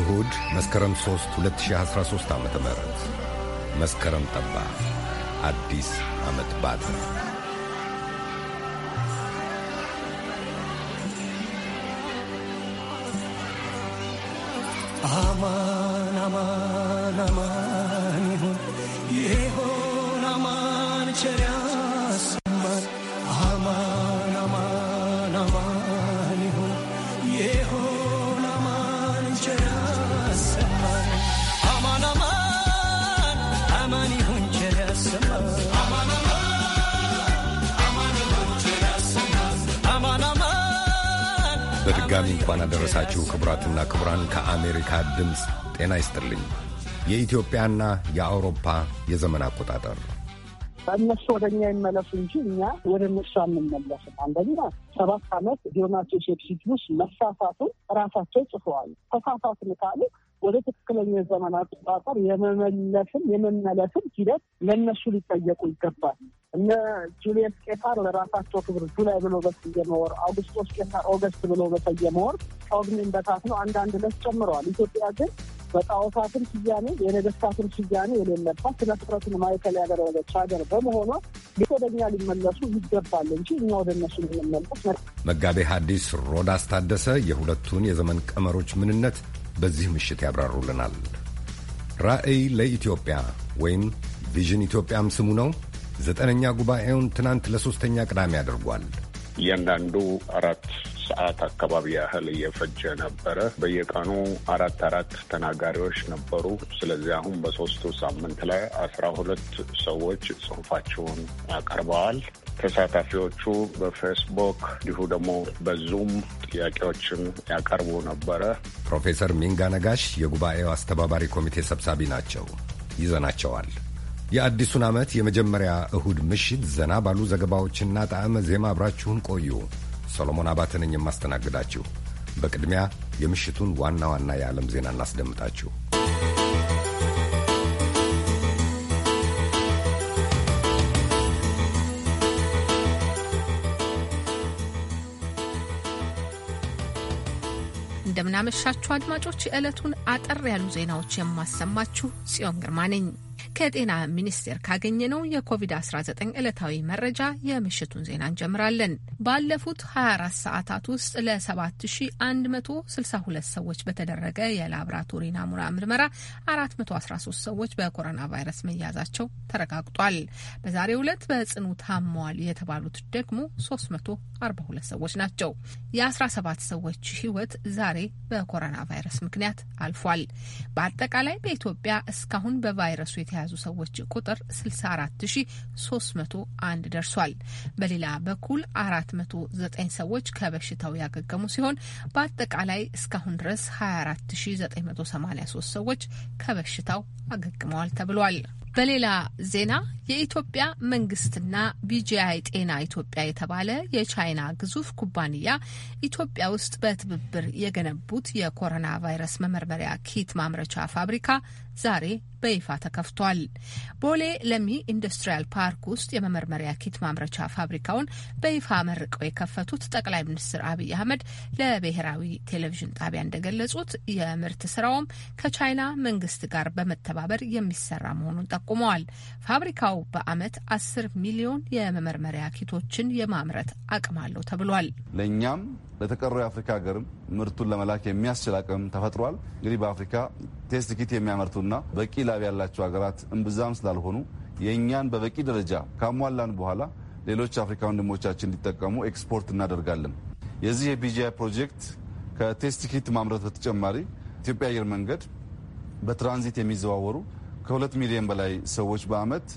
እሁድ መስከረም 3 2013 ዓ ም መስከረም ጠባ፣ አዲስ ዓመት ባተ። በድጋሚ እንኳን አደረሳችሁ ክቡራትና ክቡራን። ከአሜሪካ ድምፅ ጤና ይስጥልኝ። የኢትዮጵያና የአውሮፓ የዘመን አቆጣጠር እነሱ ወደ እኛ ይመለሱ እንጂ እኛ ወደ እነሱ አንመለስም። አንደኛ ሰባት ዓመት ዲዮናቴስ ኤክሲኪዩስ መሳሳቱን ራሳቸው ጽፈዋል። ተሳሳትን ካሉ ወደ ትክክለኛ ዘመን አቆጣጠር የመመለስም የመመለስም ሂደት ለእነሱ ሊጠየቁ ይገባል። እነ ጁልየስ ቄሳር ለራሳቸው ክብር ጁላይ ብሎ በሰየመ ወር፣ አውግስጦስ ቄሳር ኦገስት ብሎ በሰየመ ወር ጳጉሜን በታት ነው አንዳንድ ዕለት ጨምረዋል። ኢትዮጵያ ግን በጣዖታትም ስያሜ የነገስታትም ስያሜ የሌለባት ስነ ፍጥረትን ማዕከል ያደረገች ሀገር በመሆኗ ወደኛ ሊመለሱ ይገባል እንጂ እኛ ወደ እነሱ ልንመለስ መጋቤ ሐዲስ ሮዳስ ታደሰ የሁለቱን የዘመን ቀመሮች ምንነት በዚህ ምሽት ያብራሩልናል። ራዕይ ለኢትዮጵያ ወይም ቪዥን ኢትዮጵያም ስሙ ነው። ዘጠነኛ ጉባኤውን ትናንት ለሦስተኛ ቅዳሜ አድርጓል። እያንዳንዱ አራት ሰዓት አካባቢ ያህል እየፈጀ ነበረ። በየቀኑ አራት አራት ተናጋሪዎች ነበሩ። ስለዚህ አሁን በሶስቱ ሳምንት ላይ አስራ ሁለት ሰዎች ጽሁፋቸውን ያቀርበዋል። ተሳታፊዎቹ በፌስቡክ እንዲሁ ደግሞ በዙም ጥያቄዎችን ያቀርቡ ነበረ። ፕሮፌሰር ሚንጋ ነጋሽ የጉባኤው አስተባባሪ ኮሚቴ ሰብሳቢ ናቸው። ይዘናቸዋል። የአዲሱን ዓመት የመጀመሪያ እሁድ ምሽት ዘና ባሉ ዘገባዎችና ጣዕመ ዜማ አብራችሁን ቆዩ። ሰሎሞን አባተ ነኝ የማስተናግዳችሁ። በቅድሚያ የምሽቱን ዋና ዋና የዓለም ዜና እናስደምጣችሁ። እንደምናመሻችሁ አድማጮች፣ የዕለቱን አጠር ያሉ ዜናዎች የማሰማችሁ ጽዮን ግርማ ነኝ። ከጤና ሚኒስቴር ካገኘነው የኮቪድ-19 ዕለታዊ መረጃ የምሽቱን ዜና እንጀምራለን። ባለፉት 24 ሰዓታት ውስጥ ለ7162 ሰዎች በተደረገ የላብራቶሪ ናሙና ምርመራ 413 ሰዎች በኮሮና ቫይረስ መያዛቸው ተረጋግጧል። በዛሬው ዕለት በጽኑ ታመዋል የተባሉት ደግሞ 342 ሰዎች ናቸው። የ17 ሰዎች ህይወት ዛሬ በኮሮና ቫይረስ ምክንያት አልፏል። በአጠቃላይ በኢትዮጵያ እስካሁን በቫይረሱ የ የተያዙ ሰዎች ቁጥር 64301 ደርሷል። በሌላ በኩል 409 ሰዎች ከበሽታው ያገገሙ ሲሆን በአጠቃላይ እስካሁን ድረስ 24983 ሰዎች ከበሽታው አገግመዋል ተብሏል። በሌላ ዜና የኢትዮጵያ መንግስትና ቢጂአይ ጤና ኢትዮጵያ የተባለ የቻይና ግዙፍ ኩባንያ ኢትዮጵያ ውስጥ በትብብር የገነቡት የኮሮና ቫይረስ መመርመሪያ ኪት ማምረቻ ፋብሪካ ዛሬ በይፋ ተከፍቷል። ቦሌ ለሚ ኢንዱስትሪያል ፓርክ ውስጥ የመመርመሪያ ኪት ማምረቻ ፋብሪካውን በይፋ መርቀው የከፈቱት ጠቅላይ ሚኒስትር አብይ አህመድ ለብሔራዊ ቴሌቪዥን ጣቢያ እንደገለጹት የምርት ስራውም ከቻይና መንግስት ጋር በመተባበር የሚሰራ መሆኑን ጠቁመዋል። ፋብሪካው በአመት አስር ሚሊዮን የመመርመሪያ ኪቶችን የማምረት አቅም አለው ተብሏል። ለእኛም ለተቀረው የአፍሪካ ሀገርም ምርቱን ለመላክ የሚያስችል አቅም ተፈጥሯል። እንግዲህ በአፍሪካ ቴስት ኪት የሚያመርቱና በቂ ላብ ያላቸው ሀገራት እምብዛም ስላልሆኑ የእኛን በበቂ ደረጃ ካሟላን በኋላ ሌሎች አፍሪካ ወንድሞቻችን እንዲጠቀሙ ኤክስፖርት እናደርጋለን። የዚህ የቢጂአይ ፕሮጀክት ከቴስት ኪት ማምረት በተጨማሪ ኢትዮጵያ አየር መንገድ በትራንዚት የሚዘዋወሩ ከሁለት ሚሊዮን በላይ ሰዎች በአመት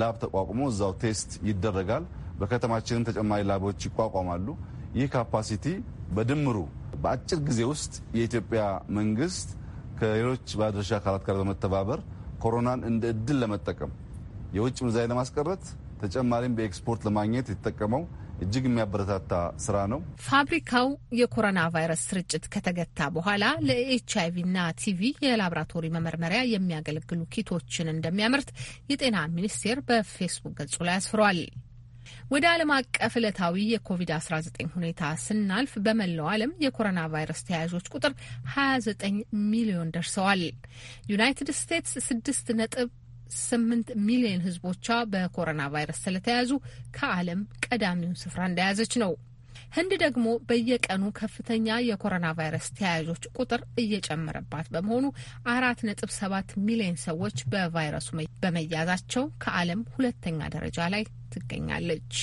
ላብ ተቋቁሞ እዛው ቴስት ይደረጋል። በከተማችንም ተጨማሪ ላቦች ይቋቋማሉ። ይህ ካፓሲቲ በድምሩ በአጭር ጊዜ ውስጥ የኢትዮጵያ መንግስት ከሌሎች ባለድርሻ አካላት ጋር በመተባበር ኮሮናን እንደ እድል ለመጠቀም የውጭ ምንዛሪ ለማስቀረት ተጨማሪም በኤክስፖርት ለማግኘት የተጠቀመው እጅግ የሚያበረታታ ስራ ነው። ፋብሪካው የኮሮና ቫይረስ ስርጭት ከተገታ በኋላ ለኤች አይቪ እና ቲቪ የላብራቶሪ መመርመሪያ የሚያገለግሉ ኪቶችን እንደሚያመርት የጤና ሚኒስቴር በፌስቡክ ገጹ ላይ አስፍሯል። ወደ ዓለም አቀፍ ዕለታዊ የኮቪድ-19 ሁኔታ ስናልፍ በመላው ዓለም የኮሮና ቫይረስ ተያያዦች ቁጥር 29 ሚሊዮን ደርሰዋል። ዩናይትድ ስቴትስ 6 ነጥብ 8 ሚሊዮን ህዝቦቿ በኮሮና ቫይረስ ስለተያዙ ከዓለም ቀዳሚውን ስፍራ እንደያዘች ነው ህንድ ደግሞ በየቀኑ ከፍተኛ የኮሮና ቫይረስ ተያያዦች ቁጥር እየጨመረባት በመሆኑ አራት ነጥብ ሰባት ሚሊዮን ሰዎች በቫይረሱ በመያዛቸው ከዓለም ሁለተኛ ደረጃ ላይ ትገኛለች።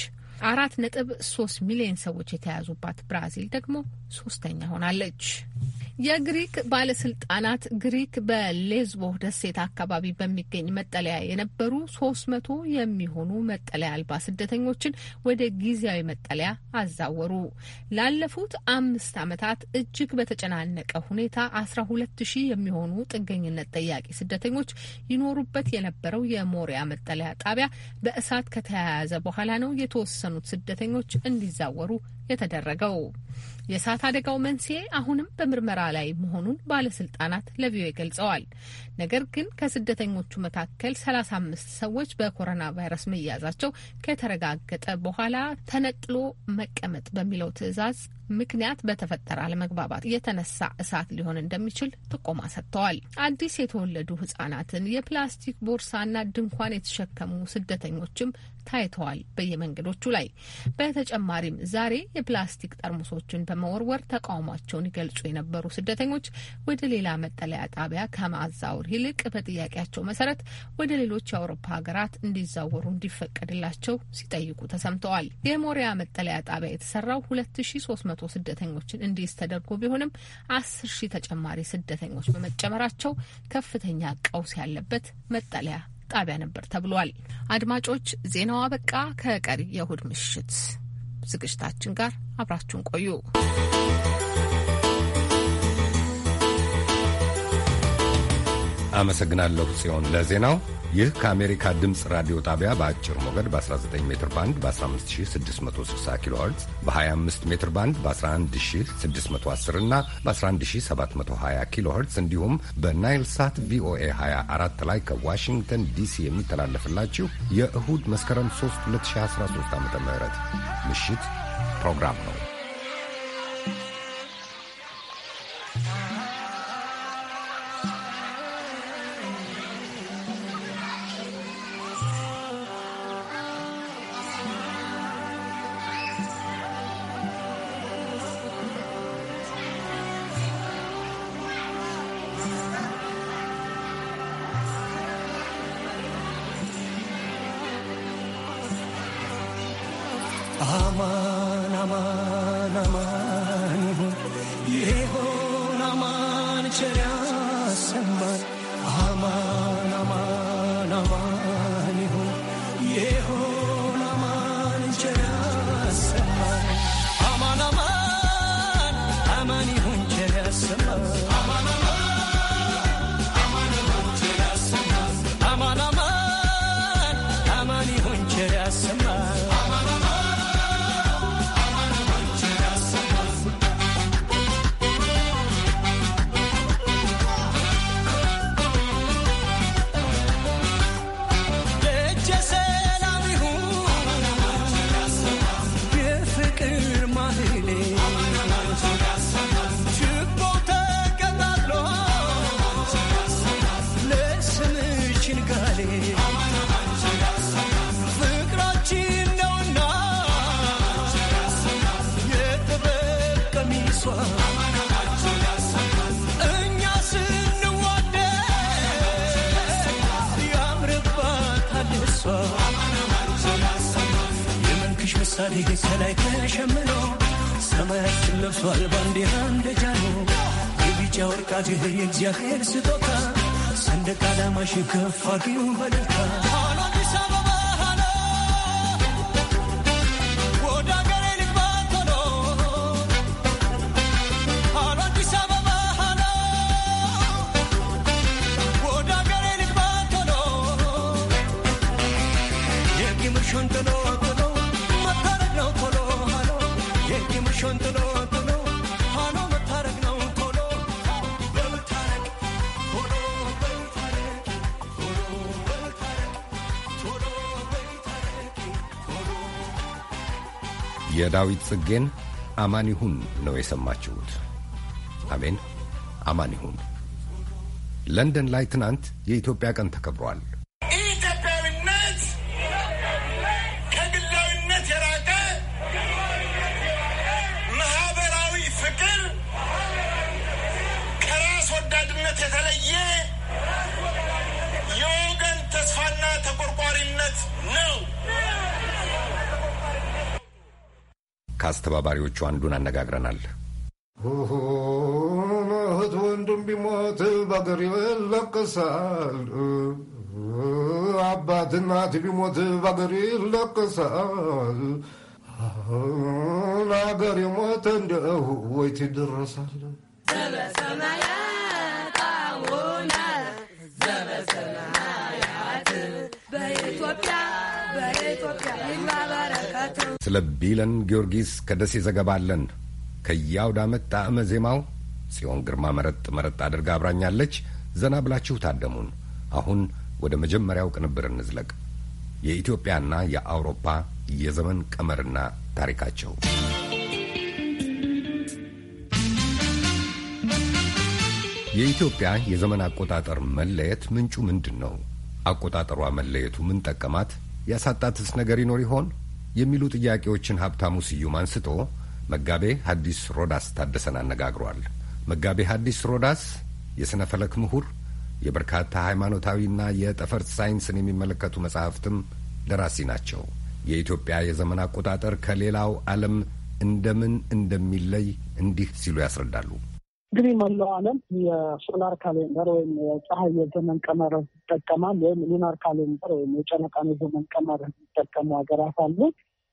አራት ነጥብ ሶስት ሚሊዮን ሰዎች የተያዙባት ብራዚል ደግሞ ሶስተኛ ሆናለች። የግሪክ ባለስልጣናት ግሪክ በሌዝቦ ደሴት አካባቢ በሚገኝ መጠለያ የነበሩ ሶስት መቶ የሚሆኑ መጠለያ አልባ ስደተኞችን ወደ ጊዜያዊ መጠለያ አዛወሩ። ላለፉት አምስት ዓመታት እጅግ በተጨናነቀ ሁኔታ አስራ ሁለት ሺህ የሚሆኑ ጥገኝነት ጠያቂ ስደተኞች ይኖሩበት የነበረው የሞሪያ መጠለያ ጣቢያ በእሳት ከተያያዘ በኋላ ነው የተወሰኑት ስደተኞች እንዲዛወሩ የተደረገው። የእሳት አደጋው መንስኤ አሁንም በምርመራ ላይ መሆኑን ባለስልጣናት ለቪኦኤ ገልጸዋል። ነገር ግን ከስደተኞቹ መካከል ሰላሳ አምስት ሰዎች በኮሮና ቫይረስ መያዛቸው ከተረጋገጠ በኋላ ተነጥሎ መቀመጥ በሚለው ትዕዛዝ ምክንያት በተፈጠረ አለመግባባት የተነሳ እሳት ሊሆን እንደሚችል ጥቆማ ሰጥተዋል። አዲስ የተወለዱ ህጻናትን፣ የፕላስቲክ ቦርሳና ድንኳን የተሸከሙ ስደተኞችም ታይተዋል በየመንገዶቹ ላይ። በተጨማሪም ዛሬ የፕላስቲክ ጠርሙሶችን በመወርወር ተቃውሟቸውን ይገልጹ የነበሩ ስደተኞች ወደ ሌላ መጠለያ ጣቢያ ከማዛወር ይልቅ በጥያቄያቸው መሰረት ወደ ሌሎች የአውሮፓ ሀገራት እንዲዛወሩ እንዲፈቀድላቸው ሲጠይቁ ተሰምተዋል። የሞሪያ መጠለያ ጣቢያ የተሰራው 2300 ስደተኞችን እንዲይዝ ተደርጎ ቢሆንም 10 ሺህ ተጨማሪ ስደተኞች በመጨመራቸው ከፍተኛ ቀውስ ያለበት መጠለያ ጣቢያ ነበር ተብሏል። አድማጮች፣ ዜናዋ በቃ ከቀሪ የእሁድ ምሽት ዝግጅታችን ጋር አብራችሁን ቆዩ። አመሰግናለሁ ጽዮን ለዜናው። ይህ ከአሜሪካ ድምፅ ራዲዮ ጣቢያ በአጭር ሞገድ በ19 ሜትር ባንድ በ15660 ኪሎ ኸርትዝ በ25 ሜትር ባንድ በ11610 እና በ11720 ኪሎ ኸርትዝ እንዲሁም በናይል ሳት ቪኦኤ 24 ላይ ከዋሽንግተን ዲሲ የሚተላለፍላችሁ የእሁድ መስከረም 3 2013 ዓ ም ምሽት ፕሮግራም ነው። ሰማይ ሰላይ ተሸምኖ ሰማያችን ለብሷል ባንዲራ እንደ ጃኖ የቢጫ ወርቃት ይህ የእግዚአብሔር ስጦታ ሰንደቅ ዓላማሽ ከፍ አድርጊው በደስታ የዳዊት ጽጌን አማን ይሁን ነው የሰማችሁት። አሜን፣ አማን ይሁን። ለንደን ላይ ትናንት የኢትዮጵያ ቀን ተከብሯል። አስተባባሪዎቹ አንዱን አነጋግረናል። እህት ወንድም ቢሞት በአገር ይለቅሳል። አባት እናት ቢሞት በአገር ይለቅሳል። ለአገር የሞተ እንደሁ ወይት ይደረሳል። ዘበሰማያት በኢትዮጵያ ስለ ቢለን ጊዮርጊስ ከደሴ አለን። ከያውድ ዓመት ጣዕመ ዜማው ጽዮን ግርማ መረጥ መረጥ አድርጋ አብራኛለች። ዘና ብላችሁ ታደሙን። አሁን ወደ መጀመሪያው ቅንብር እንዝለቅ። የኢትዮጵያና የአውሮፓ የዘመን ቀመርና ታሪካቸው የኢትዮጵያ የዘመን አቆጣጠር መለየት ምንጩ ምንድን ነው? አቆጣጠሯ መለየቱ ምን ጠቀማት? ያሳጣትስ ነገር ይኖር ይሆን የሚሉ ጥያቄዎችን ሀብታሙ ስዩም አንስቶ መጋቤ ሐዲስ ሮዳስ ታደሰን አነጋግሯል። መጋቤ ሐዲስ ሮዳስ የሥነ ፈለክ ምሁር፣ የበርካታ ሃይማኖታዊና የጠፈርት ሳይንስን የሚመለከቱ መጻሕፍትም ደራሲ ናቸው። የኢትዮጵያ የዘመን አቆጣጠር ከሌላው ዓለም እንደምን እንደሚለይ እንዲህ ሲሉ ያስረዳሉ። እንግዲህ መላው ዓለም የሶላር ካሌንደር ወይም የፀሐይ የዘመን ቀመር ይጠቀማል። ወይም ሉናር ካሌንደር ወይም የጨረቃን የዘመን ቀመር የሚጠቀሙ ሀገራት አሉ።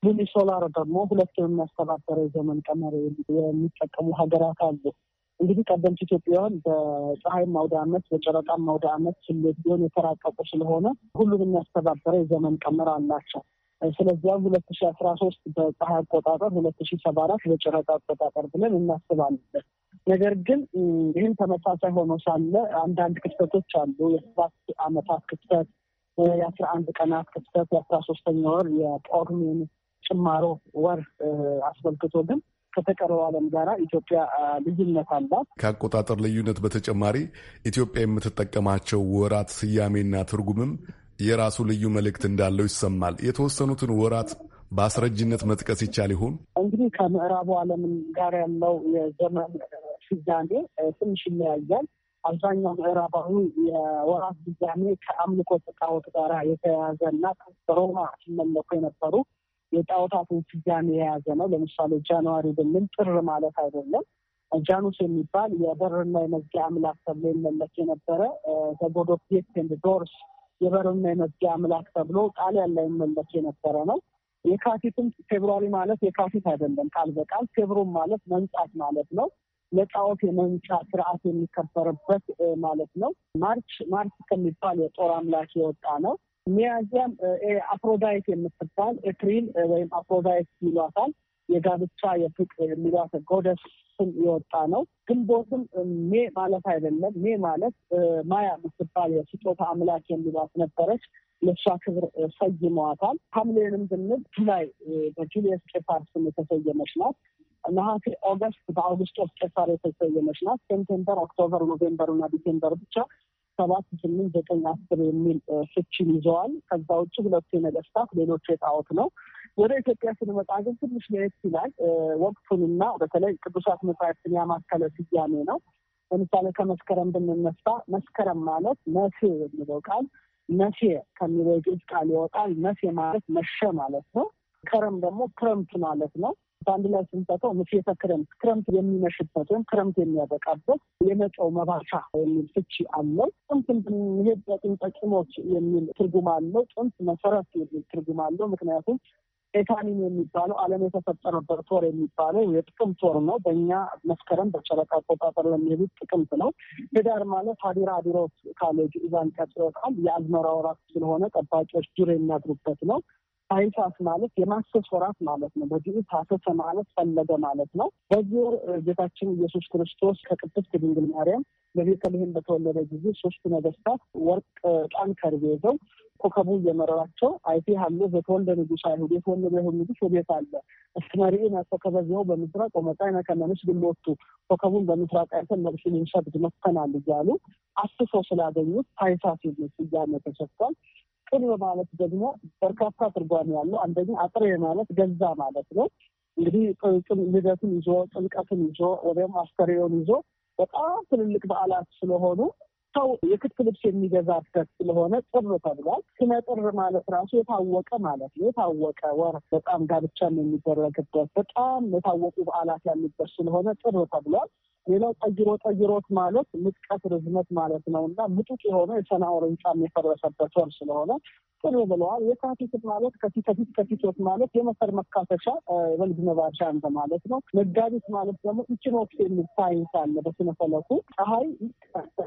ግን ሶላር ደግሞ ሁለቱን የሚያስተባበረ የዘመን ቀመር የሚጠቀሙ ሀገራት አሉ። እንግዲህ ቀደምት ኢትዮጵያውያን በፀሐይ አውደ ዓመት በጨረቃ አውደ ዓመት ስሌት ቢሆን የተራቀቁ ስለሆነ ሁሉም የሚያስተባበረ የዘመን ቀመር አላቸው። ስለዚያም ሁለት ሺ አስራ ሶስት በፀሐይ አቆጣጠር ሁለት ሺ ሰባ አራት በጨረቃ አቆጣጠር ብለን እናስባለን። ነገር ግን ይህም ተመሳሳይ ሆኖ ሳለ አንዳንድ ክፍተቶች አሉ። የሰባት አመታት ክፍተት፣ የአስራ አንድ ቀናት ክፍተት፣ የአስራ ሶስተኛ ወር የጳጉሜን ጭማሮ ወር አስመልክቶ ግን ከተቀረው ዓለም ጋራ ኢትዮጵያ ልዩነት አላት። ከአቆጣጠር ልዩነት በተጨማሪ ኢትዮጵያ የምትጠቀማቸው ወራት ስያሜና ትርጉምም የራሱ ልዩ መልእክት እንዳለው ይሰማል። የተወሰኑትን ወራት በአስረጅነት መጥቀስ ይቻል ይሆን? እንግዲህ ከምዕራቡ ዓለም ጋር ያለው የዘመን ስያሜ ትንሽ ይለያያል። አብዛኛው ምዕራባዊ የወራት ስያሜ ከአምልኮ ጣዖት ጋር እና ሮማ ሲመለኩ የነበሩ የጣዖታትን ስያሜ የያዘ ነው። ለምሳሌ ጃንዋሪ ብንል ጥር ማለት አይደለም። ጃኑስ የሚባል የበርና የመዝጊያ አምላክ ተብሎ ይመለክ የነበረ ዘ ጎድ ኦፍ ጌትስ ኤንድ ዶርስ የበርና የመዝጊያ አምላክ ተብሎ ጣሊያን ላይ መለክ የነበረ ነው። የካቲትም ፌብሯሪ ማለት የካቲት አይደለም ቃል በቃል ፌብሩን ማለት መንጻት ማለት ነው። ለጣዖት የመንጫ ስርዓት የሚከበርበት ማለት ነው። ማርች ማርች ከሚባል የጦር አምላክ የወጣ ነው። ሚያዚያም አፕሮዳይት የምትባል ኤፕሪል ወይም አፕሮዳይት ይሏታል የጋብቻ የፍቅር የሚሏት ጎደስ ስም የወጣ ነው። ግንቦትም ሜ ማለት አይደለም። ሜ ማለት ማያ ምትባል የስጦታ አምላክ የሚሏት ነበረች። ለእሷ ክብር ሰይመዋታል። ሐምሌንም ብንል ጁላይ በጁልየስ ቄፋር ስም የተሰየመች ናት። ነሐሴ ኦገስት በአውግስጦስ ቄፋር የተሰየመች ናት። ሴፕቴምበር፣ ኦክቶበር፣ ኖቬምበር እና ዲሴምበር ብቻ ሰባት ስምንት ዘጠኝ አስር የሚል ፍችን ይዘዋል። ከዛ ውጭ ሁለቱ የነገስታት ሌሎቹ የጣዖት ነው። ወደ ኢትዮጵያ ስንመጣ ግን ትንሽ ለየት ይላል። ወቅቱንና በተለይ ቅዱሳት መጽሐፍትን ያማከለ ስያሜ ነው። ለምሳሌ ከመስከረም ብንነሳ መስከረም ማለት መሴ የሚለው ቃል መሴ ከሚለው የግዕዝ ቃል ይወጣል። መሴ ማለት መሸ ማለት ነው። ከረም ደግሞ ክረምት ማለት ነው። በአንድ ላይ ስንሰጠው ምሴተ ክረምት ክረምት የሚመሽበት ወይም ክረምት የሚያበቃበት የመጫው መባቻ የሚል ፍቺ አለው። ጥንት እንደምንሄድ በጥንተ ቂሞች የሚል ትርጉም አለው። ጥንት መሰረት የሚል ትርጉም አለው። ምክንያቱም ኤታኒም የሚባለው ዓለም የተፈጠረበት ወር የሚባለው የጥቅምት ወር ነው። በእኛ መስከረም በጨረቃ አቆጣጠር ለሚሄዱት ጥቅምት ነው። ህዳር ማለት ሀዲራ ዲሮስ ካሌጅ ኢዛን ቀጥሮታል። የአዝመራ ወራት ስለሆነ ጠባቂዎች ዱር የሚያድሩበት ነው። ሳይንሳስ ማለት የማሰስ ወራት ማለት ነው። በዚህ ታሰሰ ማለት ፈለገ ማለት ነው። በዚህ ወር ጌታችን ኢየሱስ ክርስቶስ ከቅድስት ድንግል ማርያም በቤተልሔም በተወለደ ጊዜ ሶስቱ ነገስታት ወርቅ፣ ጣን ከርቤ ይዘው ኮከቡ እየመረራቸው አይቴ አለ ዘተወልደ ንጉሥ አይሁድ የተወለደ ይሁን ንጉሥ ወዴት አለ? እስመሪኤ ናቸው ናተከበዚያው በምስራቅ ወመጣይ ነከመንስ ንስግድ ኮከቡን በምስራቅ አይተን ለቅሶ ልንሰግድ መጥተናል እያሉ አስሰው ስላገኙት ታኅሳስ የሚል ስያሜ ተሰጥቷል። ጥል ማለት ደግሞ በርካታ ትርጓሜ ያለው አንደኛ አጥሬ ማለት ገዛ ማለት ነው። እንግዲህ ልደትን ይዞ ጥምቀትን ይዞ ወይም አስተሬውን ይዞ በጣም ትልልቅ በዓላት ስለሆኑ ሰው የክት ልብስ የሚገዛበት ስለሆነ ጥር ተብሏል። ስነ ጥር ማለት ራሱ የታወቀ ማለት ነው። የታወቀ ወር በጣም ጋብቻም የሚደረግበት በጣም የታወቁ በዓላት ያሉበት ስለሆነ ጥር ተብሏል። ሌላው ጠይሮ ጠይሮት ማለት ምጥቀት ርዝመት ማለት ነው እና ምጡቅ የሆነ የሰናዖር ሕንጻም የፈረሰበት ወር ስለሆነ ጥሩ ብለዋል። የካቲት ማለት ከፊት ከፊት ከፊት ማለት የመሰር መካፈሻ በልግ መባሻ እንደ ማለት ነው። መጋቢት ማለት ደግሞ ኢኪኖክስ የሚል ሳይንስ አለ በስነፈለኩ ፈለኩ ፀሐይ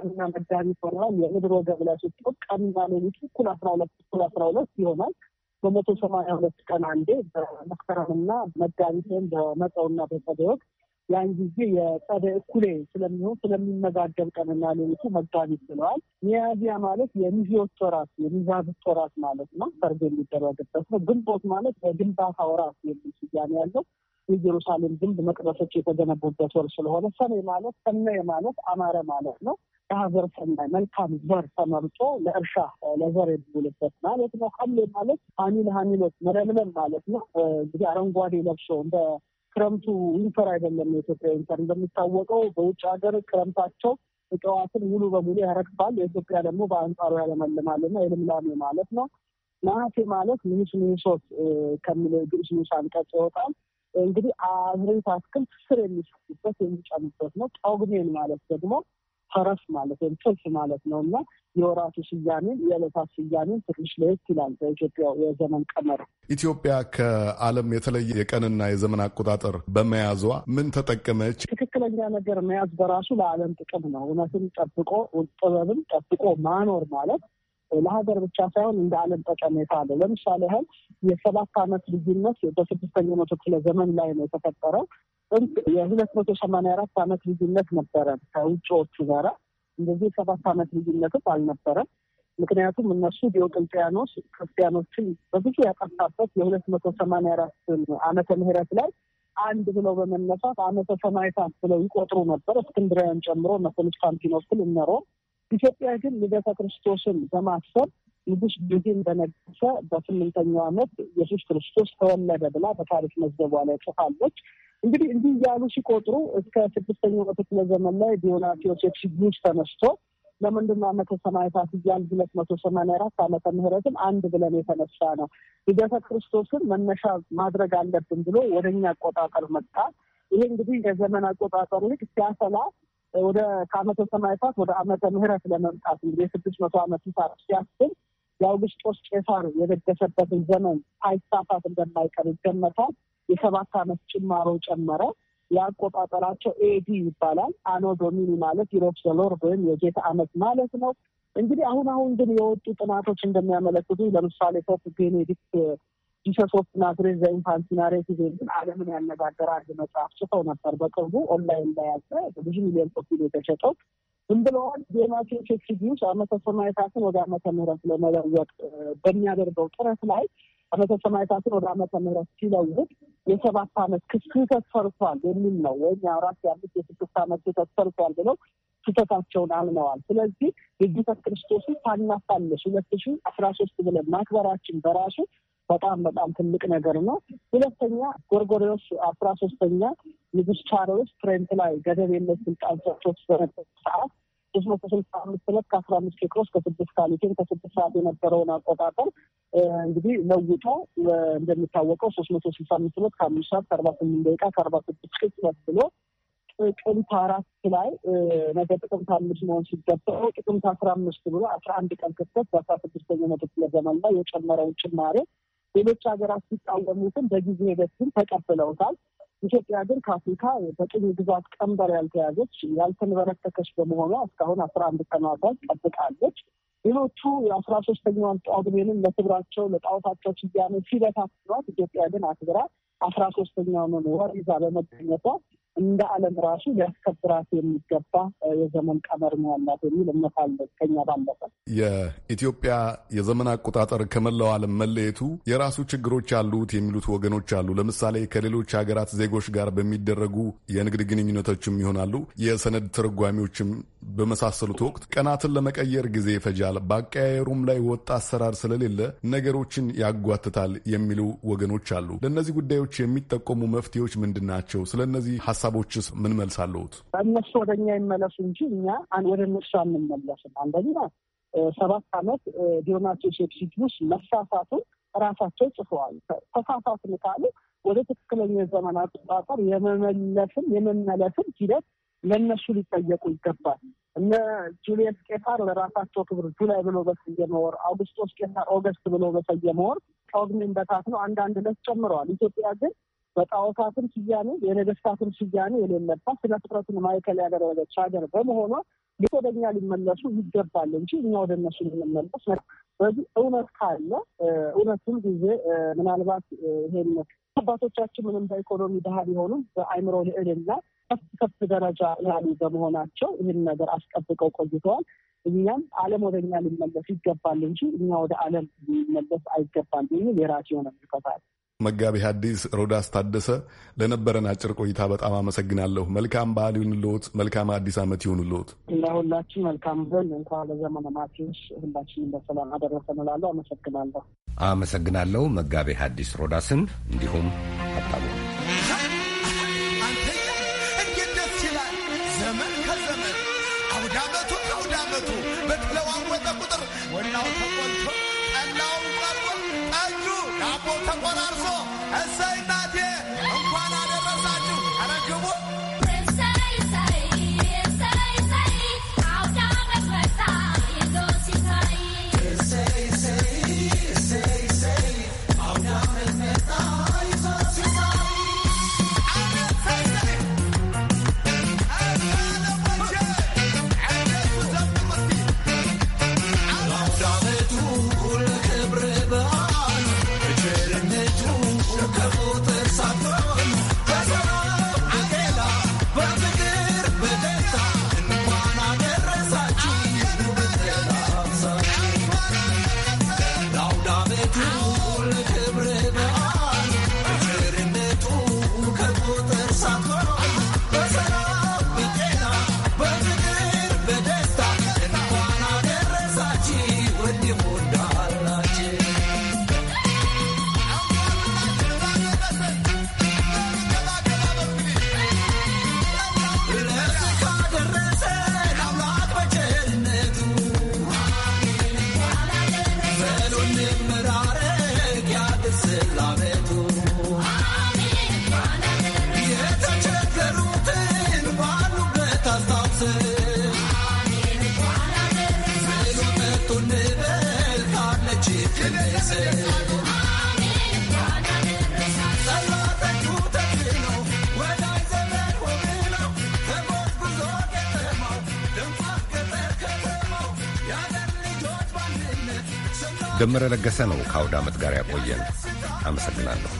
እና መጋቢት ሆናል የምድሮ ገብላ ላይ ስትቆም ቀንና ሌሊት እኩል አስራ ሁለት እኩል አስራ ሁለት ይሆናል በመቶ ሰማኒያ ሁለት ቀን አንዴ በመስከረምና መጋቢት ወይም በመጠውና በጸደይ ወቅት ያን ጊዜ የጸደ እኩሌ ስለሚሆን ስለሚመጋገብ ቀንና ሌሊቱ መጋቢት ብለዋል። ሚያዝያ ማለት የሚዜዎች ወራት የሚዛብት ወራት ማለት ነው። ሰርግ የሚደረግበት ነው። ግንቦት ማለት የግንባታ ወራት የሚል ስያሜ ያለው የኢየሩሳሌም ግንብ መቅደሶች የተገነቡበት ወር ስለሆነ ሰኔ ማለት ሰናይ ማለት አማረ ማለት ነው። የሀገር ሰናይ መልካም ዘር ተመርጦ ለእርሻ ለዘር የሚውልበት ማለት ነው። ሐምሌ ማለት ሀሚል ሀሚሎት መለምለም ማለት ነው። እንግዲህ አረንጓዴ ለብሶ እንደ ክረምቱ ዊንተር አይደለም። የኢትዮጵያ ዊንተር እንደሚታወቀው በውጭ ሀገር ክረምታቸው እጽዋትን ሙሉ በሙሉ ያረግፋል። የኢትዮጵያ ደግሞ በአንጻሩ ያለመልማል ያለመልማልና የልምላሜ ማለት ነው። ነሐሴ ማለት ንሱ ንሶት ከሚለው ግዕዝ ንዑስ አንቀጽ ይወጣል። እንግዲህ አብሬት አትክልት ስር የሚሰጡበት የሚጨምበት ነው። ጳጉሜን ማለት ደግሞ ተረፍ ማለት ወይም ትርፍ ማለት ነው እና የወራቱ ስያሜን የዕለታት ስያሜን ትንሽ ለየት ይላል። በኢትዮጵያ የዘመን ቀመር ኢትዮጵያ ከዓለም የተለየ የቀንና የዘመን አቆጣጠር በመያዟ ምን ተጠቀመች? ትክክለኛ ነገር መያዝ በራሱ ለዓለም ጥቅም ነው። እውነትን ጠብቆ ጥበብን ጠብቆ ማኖር ማለት ለሀገር ብቻ ሳይሆን እንደ ዓለም ጠቀሜታ አለው። ለምሳሌ ያህል የሰባት ዓመት ልዩነት በስድስተኛ መቶ ክፍለ ዘመን ላይ ነው የተፈጠረው። ጥንቅ የሁለት መቶ ሰማንያ አራት አመት ልዩነት ነበረ ከውጭዎቹ ጋራ። እንደዚህ የሰባት አመት ልዩነትም አልነበረም። ምክንያቱም እነሱ ዲዮቅልጥያኖስ ክርስቲያኖችን በብዙ ያጠፋበት የሁለት መቶ ሰማንያ አራት አመተ ምህረት ላይ አንድ ብለው በመነሳት አመተ ሰማዕታት ብለው ይቆጥሩ ነበር፣ እስክንድሪያን ጨምሮ እነ ኮንስታንቲኖፕል እነ ሮም። ኢትዮጵያ ግን ልደተ ክርስቶስን በማሰብ ንጉስ ጊዜን በነገሰ በስምንተኛው ዓመት ኢየሱስ ክርስቶስ ተወለደ ብላ በታሪክ መዝገቧ ላይ ጽፋለች። እንግዲህ እንዲህ እያሉ ሲቆጥሩ እስከ ስድስተኛው መቶ ክፍለ ዘመን ላይ ዲዮናስዮስ ኤክሲጊዩስ ተነስቶ ለምንድን ነው ዓመተ ሰማዕታት እያል ሁለት መቶ ሰማንያ አራት ዓመተ ምህረትም አንድ ብለን የተነሳ ነው ልደተ ክርስቶስን መነሻ ማድረግ አለብን ብሎ ወደ እኛ አቆጣጠር መጣ። ይሄ እንግዲህ የዘመን አቆጣጠሩ ልክ ሲያሰላ ወደ ከዓመተ ሰማዕታት ወደ ዓመተ ምህረት ለመምጣት እንግዲህ የስድስት መቶ ዓመት ሲሳር ሲያስብ የአውግስጦስ ቄሳር የደገሰበትን ዘመን ሳይሳሳት እንደማይቀር ይገመታል። የሰባት ዓመት ጭማሮ ጨመረ። የአቆጣጠራቸው ኤዲ ይባላል። አኖ ዶሚኒ ማለት ዩሮፕ ዘሎር ወይም የጌታ ዓመት ማለት ነው። እንግዲህ አሁን አሁን ግን የወጡ ጥናቶች እንደሚያመለክቱ ለምሳሌ ፖፕ ቤኔዲክት ጂሰስ ኦፍ ናዝሬት ዘኢንፋንቲናሬ ጊዜ ግን ዓለምን ያነጋገረ አንድ መጽሐፍ ጽፈው ነበር። በቅርቡ ኦንላይን ላይ ያለ ብዙ ሚሊዮን ኮፒ የተሸጠው ዝም ብለዋል። ዜማቸው ሴክሲቪስ አመተ ሰማይታትን ወደ አመተ ምሕረት ለመለወጥ በሚያደርገው ጥረት ላይ አመተ ሰማይታትን ወደ አመተ ምሕረት ሲለውጥ የሰባት ዓመት ክስተት ሰርቷል የሚል ነው። ወይም የአራት የአምስት የስድስት አመት ክስተት ሰርቷል ብለው ስህተታቸውን አምነዋል። ስለዚህ የጌታ ክርስቶስን ታናፋለሽ ሁለት ሺ አስራ ሶስት ብለን ማክበራችን በራሱ በጣም በጣም ትልቅ ነገር ነው። ሁለተኛ ጎርጎሬዎስ አስራ ሶስተኛ ንጉስ ቻሮስ ትሬንት ላይ ገደብ የለሽ ስልጣን ሰጥቶት በነበረ ሰዓት ሶስት መቶ ስልሳ አምስት ዕለት ከአስራ አምስት ኬክሮስ ከስድስት ካሊቴን ከስድስት ሰዓት የነበረውን አቆጣጠር እንግዲህ ለውጦ እንደሚታወቀው ሶስት መቶ ስልሳ አምስት ዕለት ከአምስት ሰዓት ከአርባ ስምንት ደቂቃ ከአርባ ስድስት ቅጽበት መስሎ ጥቅምት አራት ላይ ነገ ጥቅምት አምስት መሆን ሲገባው ጥቅምት አስራ አምስት ብሎ አስራ አንድ ቀን ክፍተት በአስራ ስድስተኛው መቶ ክፍለ ዘመን ላይ የጨመረውን ጭማሬ ሌሎች ሀገራት ሲቃወሙትን በጊዜ ሂደት ግን ተቀብለውታል። ኢትዮጵያ ግን ከአፍሪካ በቅኝ ግዛት ቀንበር ያልተያዘች ያልተንበረከከች በመሆኗ እስካሁን አስራ አንድ ቀናቷን ጠብቃለች። ሌሎቹ የአስራ ሶስተኛዋን ጳጉሜንን ለክብራቸው ለጣዖታቸው ስያሜ ሲበታትኗት ኢትዮጵያ ግን አክብራ አስራ ሶስተኛውን ወር ይዛ በመገኘቷ እንደ ዓለም ራሱ ሊያስከብራት የሚገባ የዘመን ቀመር ነው ያላት የሚል እምነት አለ። ከኛ ባለፈ የኢትዮጵያ የዘመን አቆጣጠር ከመላው ዓለም መለየቱ የራሱ ችግሮች አሉት የሚሉት ወገኖች አሉ። ለምሳሌ ከሌሎች ሀገራት ዜጎች ጋር በሚደረጉ የንግድ ግንኙነቶችም ይሆናሉ የሰነድ ተረጓሚዎችም በመሳሰሉት ወቅት ቀናትን ለመቀየር ጊዜ ይፈጃል፣ በአቀያየሩም ላይ ወጥ አሰራር ስለሌለ ነገሮችን ያጓትታል የሚሉ ወገኖች አሉ። ለእነዚህ ጉዳዮች የሚጠቆሙ መፍትሄዎች ምንድን ናቸው? ስለነዚህ ሀሳብ ሀሳቦችስ ምን መልስ አለሁት? እነሱ ወደ እኛ ይመለሱ እንጂ እኛ ወደ እነሱ አንመለስም። አንደኛ ሰባት ዓመት ዲዮናቴዎስ ኤክሲቲዩስ መሳሳቱን ራሳቸው ጽፈዋል። ተሳሳትን ካሉ ወደ ትክክለኛ ዘመን አቆጣጠር የመመለስም የመመለስም ሂደት ለእነሱ ሊጠየቁ ይገባል። እነ ጁልየስ ቄሳር ለራሳቸው ክብር ጁላይ ብሎ በሰየመ ወር፣ አውግስጦስ ቄሳር ኦገስት ብሎ በሰየመ ወር ጳጉሜን በታት ነው አንዳንድ ዕለት ጨምረዋል። ኢትዮጵያ ግን በጣዖታትም ስያሜ የነገስታትም ስያሜ የሌለባት ስነ ፍጥረትን ማዕከል ያደረገች ሀገር በመሆኗ ወደ እኛ ሊመለሱ ይገባል እንጂ እኛ ወደ እነሱ ልንመለስ። በዚህ እውነት ካለ እውነትም ጊዜ ምናልባት ይሄን አባቶቻችን ምንም በኢኮኖሚ ድሃ ቢሆኑም በአይምሮ ልዕልና ከፍ ከፍ ደረጃ ያሉ በመሆናቸው ይህን ነገር አስጠብቀው ቆይተዋል። እኛም ዓለም ወደ እኛ ሊመለስ ይገባል እንጂ እኛ ወደ ዓለም ሊመለስ አይገባል የሚል የራሴ የሆነ ምልከታ አለ። መጋቢ ሐዲስ ሮዳስ ታደሰ ለነበረን አጭር ቆይታ በጣም አመሰግናለሁ። መልካም በዓል ይሁንልዎት። መልካም አዲስ ዓመት ይሁንልዎት። ለሁላችን መልካም ዘን እንኳን ለዘመነ ማቴዎስ ሁላችንም በሰላም አደረሰን እላለሁ። አመሰግናለሁ። አመሰግናለሁ መጋቢ ሐዲስ ሮዳስን እንዲሁም አጣሙ እንዴት ዘመን ከዘመን አውዳመቱ ከአውዳመቱ በተለዋወጠ ቁጥር ወናው es aceita. ዘመረ ለገሰ ነው ከአውድ ዓመት ጋር ያቆየን። አመሰግናለሁ።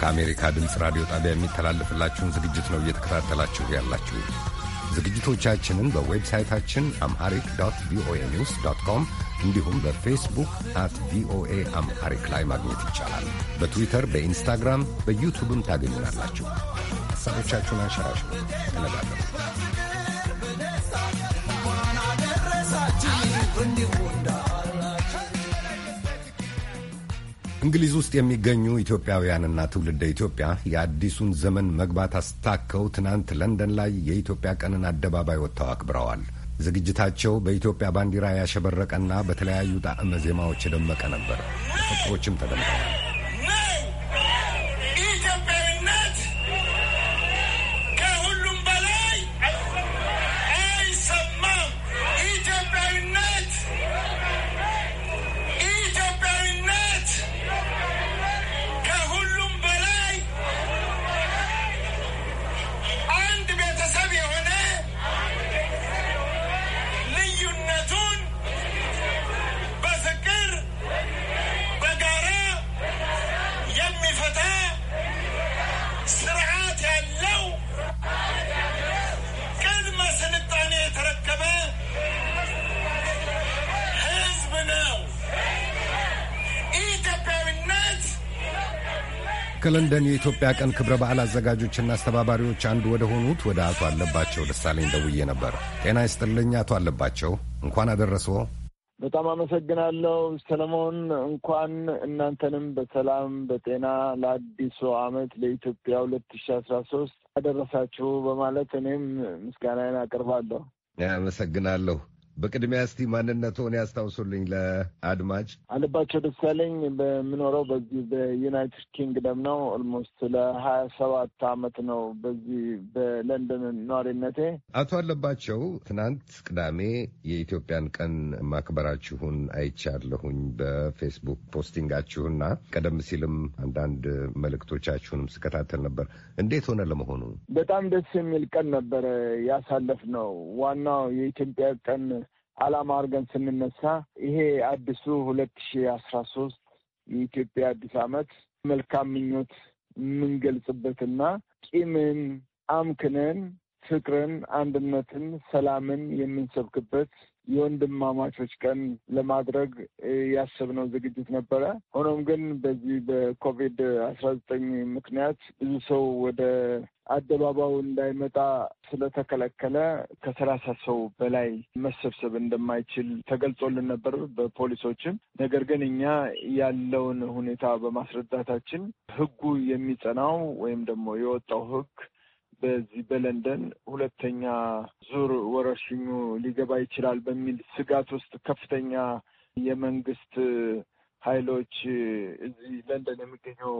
ከአሜሪካ ድምፅ ራዲዮ ጣቢያ የሚተላለፍላችሁን ዝግጅት ነው እየተከታተላችሁ ያላችሁ። ዝግጅቶቻችንን በዌብሳይታችን አምሃሪክ ዶት ቪኦኤ ኒውስ ዶት ኮም እንዲሁም በፌስቡክ አት ቪኦኤ አምሃሪክ ላይ ማግኘት ይቻላል። በትዊተር፣ በኢንስታግራም፣ በዩቱብም ታገኙናላችሁ። ሀሳቦቻችሁን አንሸራሽ ተነጋገሩ። እንዲሁ እንግሊዝ ውስጥ የሚገኙ ኢትዮጵያውያንና ትውልደ ኢትዮጵያ የአዲሱን ዘመን መግባት አስታከው ትናንት ለንደን ላይ የኢትዮጵያ ቀንን አደባባይ ወጥተው አክብረዋል። ዝግጅታቸው በኢትዮጵያ ባንዲራ ያሸበረቀና በተለያዩ ጣዕመ ዜማዎች የደመቀ ነበር። ተፈጥሮችም ተደምጠዋል። ከለንደን የኢትዮጵያ ቀን ክብረ በዓል አዘጋጆችና አስተባባሪዎች አንዱ ወደ ሆኑት ወደ አቶ አለባቸው ደሳለኝ ደውዬ ነበር። ጤና ይስጥልኝ አቶ አለባቸው፣ እንኳን አደረሰዎ። በጣም አመሰግናለሁ ሰለሞን። እንኳን እናንተንም በሰላም በጤና ለአዲሱ ዓመት ለኢትዮጵያ ሁለት ሺህ አስራ ሶስት አደረሳችሁ በማለት እኔም ምስጋናዬን አቀርባለሁ። አመሰግናለሁ። በቅድሚያ እስቲ ሆን ያስታውሱልኝ ለአድማጭ። አለባቸው ደሳለኝ በምኖረው በዚህ በዩናይትድ ኪንግደም ነው። ኦልሞስት ለሀያ ሰባት አመት ነው በዚህ በለንደን ነዋሪነቴ። አቶ አለባቸው ትናንት ቅዳሜ የኢትዮጵያን ቀን ማክበራችሁን አይቻለሁኝ በፌስቡክ ፖስቲንጋችሁና ቀደም ሲልም አንዳንድ መልእክቶቻችሁንም ስከታተል ነበር። እንዴት ሆነ ለመሆኑ? በጣም ደስ የሚል ቀን ነበረ ያሳለፍ ነው። ዋናው የኢትዮጵያ ቀን አላማ አድርገን ስንነሳ ይሄ አዲሱ ሁለት ሺ አስራ ሶስት የኢትዮጵያ አዲስ ዓመት መልካም ምኞት የምንገልጽበትና ቂምን አምክነን ፍቅርን፣ አንድነትን፣ ሰላምን የምንሰብክበት የወንድማማቾች ቀን ለማድረግ ያሰብነው ዝግጅት ነበረ። ሆኖም ግን በዚህ በኮቪድ አስራ ዘጠኝ ምክንያት ብዙ ሰው ወደ አደባባዩ እንዳይመጣ ስለተከለከለ ከሰላሳ ሰው በላይ መሰብሰብ እንደማይችል ተገልጾልን ነበር በፖሊሶችም። ነገር ግን እኛ ያለውን ሁኔታ በማስረዳታችን ህጉ የሚጸናው ወይም ደግሞ የወጣው ህግ። በዚህ በለንደን ሁለተኛ ዙር ወረርሽኙ ሊገባ ይችላል በሚል ስጋት ውስጥ ከፍተኛ የመንግስት ኃይሎች እዚህ ለንደን የሚገኘው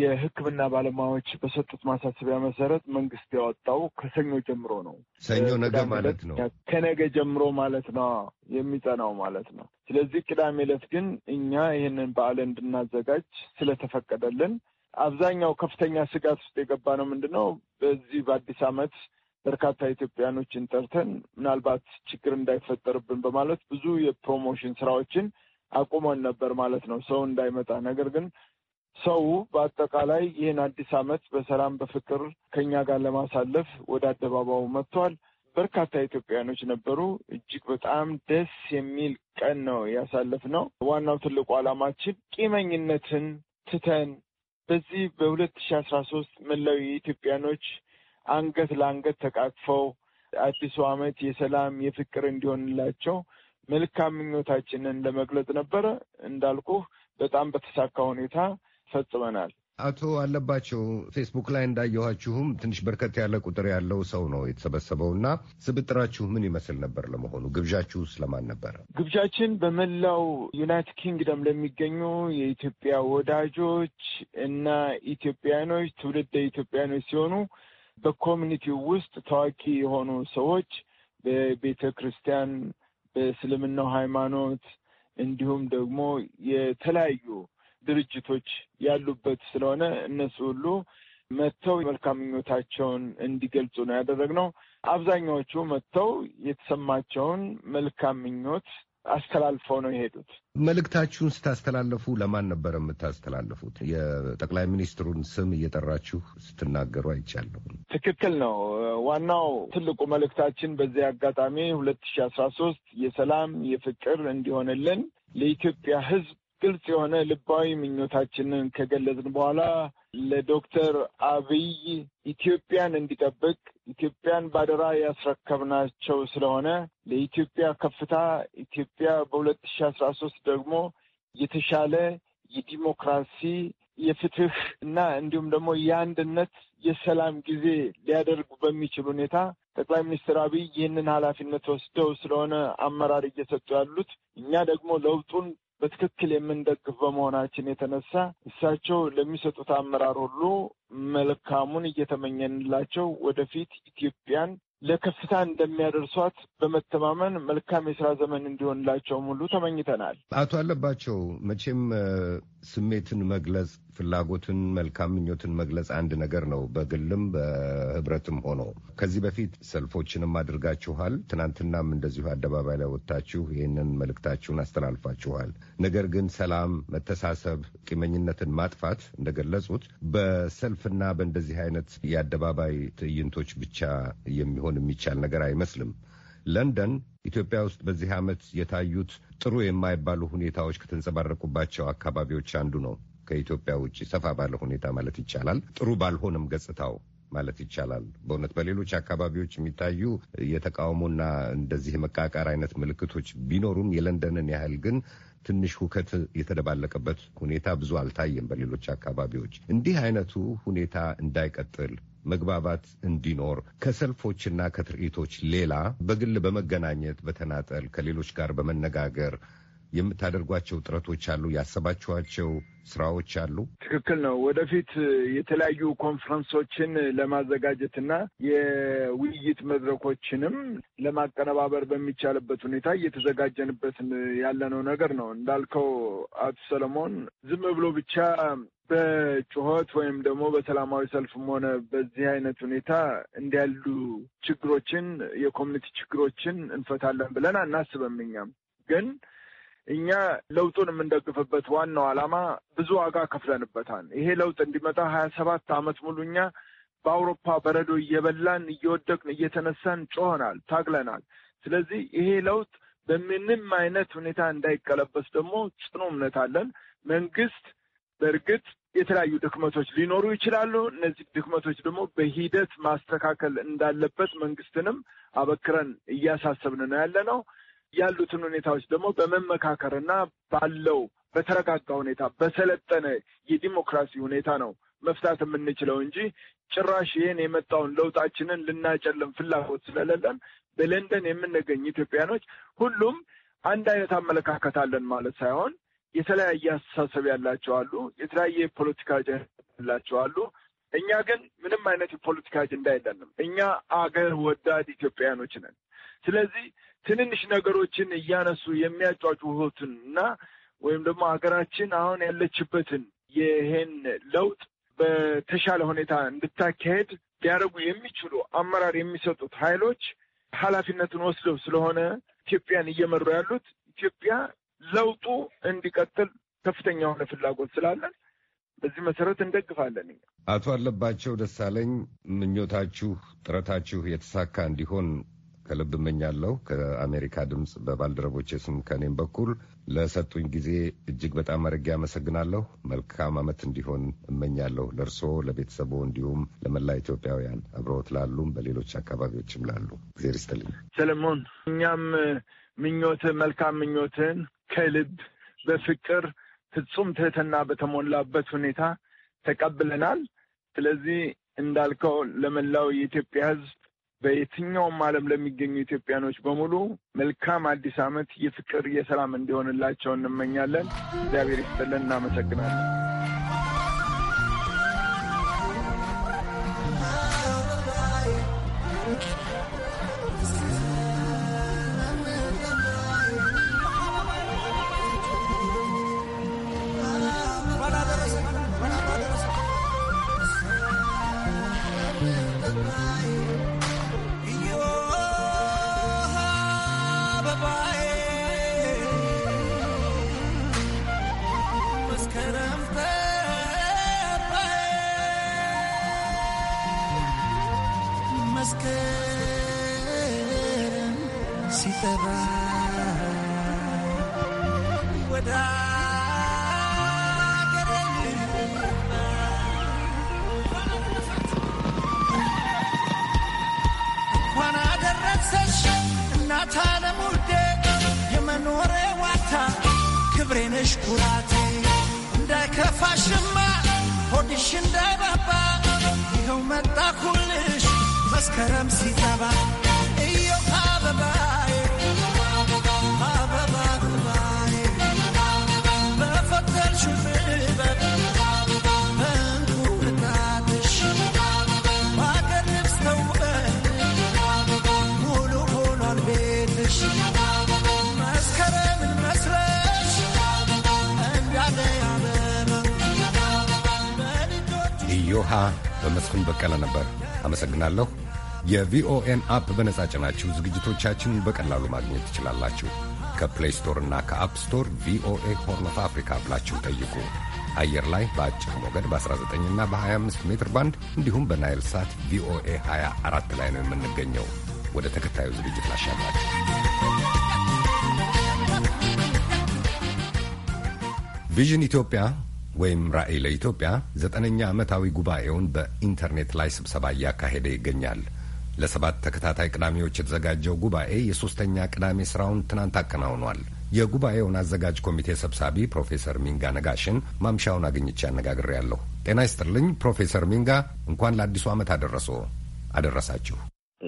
የሕክምና ባለሙያዎች በሰጡት ማሳሰቢያ መሰረት መንግስት ያወጣው ከሰኞ ጀምሮ ነው። ሰኞ ነገ ማለት ነው። ከነገ ጀምሮ ማለት ነው የሚጠናው ማለት ነው። ስለዚህ ቅዳሜ ዕለት ግን እኛ ይህንን በዓል እንድናዘጋጅ ስለተፈቀደልን አብዛኛው ከፍተኛ ስጋት ውስጥ የገባ ነው። ምንድን ነው በዚህ በአዲስ ዓመት በርካታ ኢትዮጵያኖችን ጠርተን ምናልባት ችግር እንዳይፈጠርብን በማለት ብዙ የፕሮሞሽን ስራዎችን አቁመን ነበር ማለት ነው፣ ሰው እንዳይመጣ። ነገር ግን ሰው በአጠቃላይ ይህን አዲስ ዓመት በሰላም በፍቅር ከኛ ጋር ለማሳለፍ ወደ አደባባዩ መጥቷል። በርካታ ኢትዮጵያኖች ነበሩ። እጅግ በጣም ደስ የሚል ቀን ነው ያሳለፍ ነው። ዋናው ትልቁ ዓላማችን ቂመኝነትን ትተን በዚህ በሁለት ሺ አስራ ሶስት መላው የኢትዮጵያኖች አንገት ለአንገት ተቃቅፈው አዲሱ ዓመት የሰላም የፍቅር እንዲሆንላቸው መልካም ምኞታችንን ለመግለጽ ነበረ። እንዳልኩህ በጣም በተሳካ ሁኔታ ፈጽመናል። አቶ አለባቸው ፌስቡክ ላይ እንዳየኋችሁም ትንሽ በርከት ያለ ቁጥር ያለው ሰው ነው የተሰበሰበው እና ስብጥራችሁ ምን ይመስል ነበር? ለመሆኑ ግብዣችሁ ስለማን ነበረ? ግብዣችን በመላው ዩናይትድ ኪንግደም ለሚገኙ የኢትዮጵያ ወዳጆች እና ኢትዮጵያኖች ትውልደ ኢትዮጵያኖች ሲሆኑ በኮሚኒቲው ውስጥ ታዋቂ የሆኑ ሰዎች በቤተ ክርስቲያን፣ በእስልምናው ሃይማኖት እንዲሁም ደግሞ የተለያዩ ድርጅቶች ያሉበት ስለሆነ እነሱ ሁሉ መጥተው መልካም ምኞታቸውን እንዲገልጹ ነው ያደረግነው። አብዛኛዎቹ መጥተው የተሰማቸውን መልካም ምኞት አስተላልፈው ነው የሄዱት። መልእክታችሁን ስታስተላለፉ ለማን ነበር የምታስተላልፉት? የጠቅላይ ሚኒስትሩን ስም እየጠራችሁ ስትናገሩ አይቻለሁ። ትክክል ነው። ዋናው ትልቁ መልእክታችን በዚህ አጋጣሚ ሁለት ሺህ አስራ ሶስት የሰላም የፍቅር እንዲሆንልን ለኢትዮጵያ ሕዝብ ግልጽ የሆነ ልባዊ ምኞታችንን ከገለጽን በኋላ ለዶክተር አብይ ኢትዮጵያን እንዲጠብቅ ኢትዮጵያን ባደራ ያስረከብናቸው ስለሆነ ለኢትዮጵያ ከፍታ ኢትዮጵያ በሁለት ሺ አስራ ሶስት ደግሞ የተሻለ የዲሞክራሲ የፍትህ እና እንዲሁም ደግሞ የአንድነት የሰላም ጊዜ ሊያደርጉ በሚችል ሁኔታ ጠቅላይ ሚኒስትር አብይ ይህንን ኃላፊነት ወስደው ስለሆነ አመራር እየሰጡ ያሉት እኛ ደግሞ ለውጡን በትክክል የምንደግፍ በመሆናችን የተነሳ እሳቸው ለሚሰጡት አመራር ሁሉ መልካሙን እየተመኘንላቸው ወደፊት ኢትዮጵያን ለከፍታ እንደሚያደርሷት በመተማመን መልካም የስራ ዘመን እንዲሆንላቸው ሙሉ ተመኝተናል። አቶ አለባቸው፣ መቼም ስሜትን መግለጽ፣ ፍላጎትን፣ መልካም ምኞትን መግለጽ አንድ ነገር ነው፣ በግልም በህብረትም ሆኖ ከዚህ በፊት ሰልፎችንም አድርጋችኋል። ትናንትናም እንደዚሁ አደባባይ ላይ ወጥታችሁ ይህንን መልእክታችሁን አስተላልፋችኋል። ነገር ግን ሰላም፣ መተሳሰብ፣ ቂመኝነትን ማጥፋት እንደገለጹት በሰልፍና በእንደዚህ አይነት የአደባባይ ትዕይንቶች ብቻ የሚሆ ሊሆን የሚቻል ነገር አይመስልም። ለንደን ኢትዮጵያ ውስጥ በዚህ ዓመት የታዩት ጥሩ የማይባሉ ሁኔታዎች ከተንጸባረቁባቸው አካባቢዎች አንዱ ነው። ከኢትዮጵያ ውጭ ሰፋ ባለ ሁኔታ ማለት ይቻላል ጥሩ ባልሆነም ገጽታው ማለት ይቻላል። በእውነት በሌሎች አካባቢዎች የሚታዩ የተቃውሞና እንደዚህ መቃቃር አይነት ምልክቶች ቢኖሩም የለንደንን ያህል ግን ትንሽ ሁከት የተደባለቀበት ሁኔታ ብዙ አልታየም። በሌሎች አካባቢዎች እንዲህ አይነቱ ሁኔታ እንዳይቀጥል መግባባት እንዲኖር ከሰልፎችና ከትርኢቶች ሌላ በግል በመገናኘት በተናጠል ከሌሎች ጋር በመነጋገር የምታደርጓቸው ጥረቶች አሉ፣ ያሰባችኋቸው ስራዎች አሉ። ትክክል ነው። ወደፊት የተለያዩ ኮንፈረንሶችን ለማዘጋጀትና የውይይት መድረኮችንም ለማቀነባበር በሚቻልበት ሁኔታ እየተዘጋጀንበት ያለነው ነገር ነው። እንዳልከው አቶ ሰለሞን ዝም ብሎ ብቻ በጩኸት ወይም ደግሞ በሰላማዊ ሰልፍም ሆነ በዚህ አይነት ሁኔታ እንዲያሉ ችግሮችን የኮሚኒቲ ችግሮችን እንፈታለን ብለን አናስበም እኛም ግን እኛ ለውጡን የምንደግፍበት ዋናው ዓላማ ብዙ ዋጋ ከፍለንበታል። ይሄ ለውጥ እንዲመጣ ሀያ ሰባት ዓመት ሙሉ እኛ በአውሮፓ በረዶ እየበላን እየወደቅን እየተነሳን ጮኸናል፣ ታግለናል። ስለዚህ ይሄ ለውጥ በምንም አይነት ሁኔታ እንዳይቀለበስ ደግሞ ጽኑ እምነት አለን። መንግስት በእርግጥ የተለያዩ ድክመቶች ሊኖሩ ይችላሉ። እነዚህ ድክመቶች ደግሞ በሂደት ማስተካከል እንዳለበት መንግስትንም አበክረን እያሳሰብን ነው ያለ ነው። ያሉትን ሁኔታዎች ደግሞ በመመካከር ባለው በተረጋጋ ሁኔታ በሰለጠነ የዲሞክራሲ ሁኔታ ነው መፍታት የምንችለው እንጂ ጭራሽ ይህን የመጣውን ለውጣችንን ልናጨልም ፍላጎት ስለሌለን በለንደን የምንገኝ ኢትዮጵያኖች ሁሉም አንድ አይነት አመለካከት አለን ማለት ሳይሆን የተለያየ አስተሳሰብ ያላቸው አሉ። የተለያየ የፖለቲካ አጀንዳ ያላቸው አሉ። እኛ ግን ምንም አይነት የፖለቲካ አጀንዳ የለንም። እኛ አገር ወዳድ ኢትዮጵያኖች ነን። ስለዚህ ትንንሽ ነገሮችን እያነሱ የሚያጫጩሁትን እና ወይም ደግሞ ሀገራችን አሁን ያለችበትን ይህን ለውጥ በተሻለ ሁኔታ እንድታካሄድ ሊያደርጉ የሚችሉ አመራር የሚሰጡት ኃይሎች ኃላፊነትን ወስደው ስለሆነ ኢትዮጵያን እየመሩ ያሉት ኢትዮጵያ ለውጡ እንዲቀጥል ከፍተኛ የሆነ ፍላጎት ስላለን በዚህ መሰረት እንደግፋለን። አቶ አለባቸው ደሳለኝ ምኞታችሁ፣ ጥረታችሁ የተሳካ እንዲሆን ከልብ እመኛለሁ። ከአሜሪካ ድምፅ በባልደረቦቼ ስም ከኔም በኩል ለሰጡኝ ጊዜ እጅግ በጣም አድርጌ አመሰግናለሁ። መልካም ዓመት እንዲሆን እመኛለሁ ለእርስዎ፣ ለቤተሰቦ እንዲሁም ለመላ ኢትዮጵያውያን አብረውት ላሉም በሌሎች አካባቢዎችም ላሉ እግዜር ይስጥልኝ። ሰለሞን፣ እኛም ምኞት መልካም ምኞትን ከልብ በፍቅር ፍጹም ትህትና በተሞላበት ሁኔታ ተቀብለናል። ስለዚህ እንዳልከው ለመላው የኢትዮጵያ ሕዝብ በየትኛውም ዓለም ለሚገኙ ኢትዮጵያኖች በሙሉ መልካም አዲስ ዓመት የፍቅር፣ የሰላም እንዲሆንላቸው እንመኛለን። እግዚአብሔር ይስጥልን። እናመሰግናለን። Bye. ክብሬነሽ ኩራቴ እንዳይከፋሽማ ሆድሽ እንዳይባባ ይኸው መጣኩልሽ መስከረም ሲገባ እየው አበባ ውሃ በመስፍን በቀለ ነበር። አመሰግናለሁ። የቪኦኤን አፕ በነጻ ጭናችሁ ዝግጅቶቻችንን በቀላሉ ማግኘት ትችላላችሁ። ከፕሌይ ስቶር እና ከአፕ ስቶር ቪኦኤ ሆርን ኦፍ አፍሪካ ብላችሁ ጠይቁ። አየር ላይ በአጭር ሞገድ በ19 እና በ25 ሜትር ባንድ እንዲሁም በናይል ሳት ቪኦኤ 24 ላይ ነው የምንገኘው። ወደ ተከታዩ ዝግጅት ላሻላችሁ። ቪዥን ኢትዮጵያ ወይም ራዕይ ለኢትዮጵያ ዘጠነኛ ዓመታዊ ጉባኤውን በኢንተርኔት ላይ ስብሰባ እያካሄደ ይገኛል። ለሰባት ተከታታይ ቅዳሜዎች የተዘጋጀው ጉባኤ የሶስተኛ ቅዳሜ ስራውን ትናንት አከናውኗል። የጉባኤውን አዘጋጅ ኮሚቴ ሰብሳቢ ፕሮፌሰር ሚንጋ ነጋሽን ማምሻውን አግኝቼ አነጋግሬያለሁ። ጤና ይስጥልኝ ፕሮፌሰር ሚንጋ፣ እንኳን ለአዲሱ ዓመት አደረሶ አደረሳችሁ።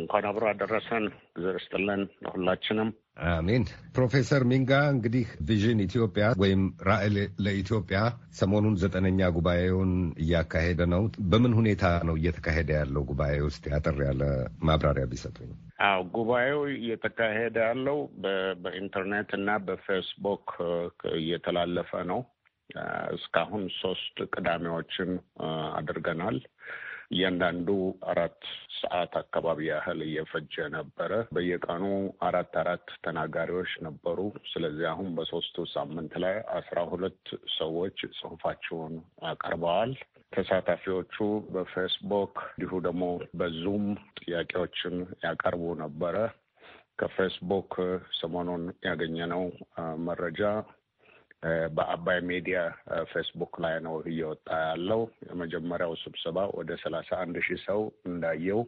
እንኳን አብሮ አደረሰን። እግዜር ይስጥልን ለሁላችንም። አሚን። ፕሮፌሰር ሚንጋ እንግዲህ ቪዥን ኢትዮጵያ ወይም ራዕይ ለኢትዮጵያ ሰሞኑን ዘጠነኛ ጉባኤውን እያካሄደ ነው። በምን ሁኔታ ነው እየተካሄደ ያለው ጉባኤ ውስጥ ያጠር ያለ ማብራሪያ ቢሰጡኝ። አዎ ጉባኤው እየተካሄደ ያለው በኢንተርኔት እና በፌስቡክ እየተላለፈ ነው። እስካሁን ሶስት ቅዳሜዎችን አድርገናል። እያንዳንዱ አራት ሰዓት አካባቢ ያህል እየፈጀ ነበረ። በየቀኑ አራት አራት ተናጋሪዎች ነበሩ። ስለዚህ አሁን በሶስቱ ሳምንት ላይ አስራ ሁለት ሰዎች ጽሁፋቸውን አቀርበዋል። ተሳታፊዎቹ በፌስቡክ እንዲሁ ደግሞ በዙም ጥያቄዎችን ያቀርቡ ነበረ። ከፌስቡክ ሰሞኑን ያገኘነው መረጃ በአባይ ሚዲያ ፌስቡክ ላይ ነው እየወጣ ያለው። የመጀመሪያው ስብሰባ ወደ ሰላሳ አንድ ሺህ ሰው እንዳየው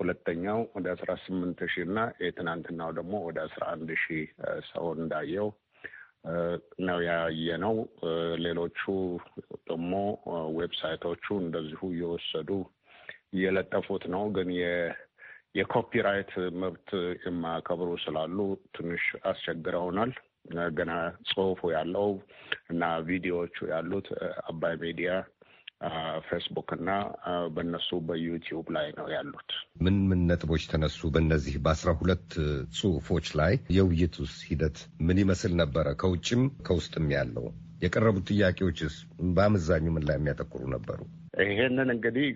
ሁለተኛው ወደ አስራ ስምንት ሺህ እና የትናንትናው ደግሞ ወደ አስራ አንድ ሺህ ሰው እንዳየው ነው ያየ ነው ሌሎቹ ደግሞ ዌብሳይቶቹ እንደዚሁ እየወሰዱ እየለጠፉት ነው። ግን የኮፒራይት መብት የማያከብሩ ስላሉ ትንሽ አስቸግረውናል። ገና ጽሁፉ ያለው እና ቪዲዮዎቹ ያሉት አባይ ሚዲያ ፌስቡክ እና በእነሱ በዩቲዩብ ላይ ነው ያሉት። ምን ምን ነጥቦች ተነሱ? በእነዚህ በአስራ ሁለት ጽሁፎች ላይ የውይይቱስ ሂደት ምን ይመስል ነበረ? ከውጭም ከውስጥም ያለው የቀረቡት ጥያቄዎችስ በአመዛኙ ምን ላይ የሚያተኩሩ ነበሩ? ይህንን እንግዲህ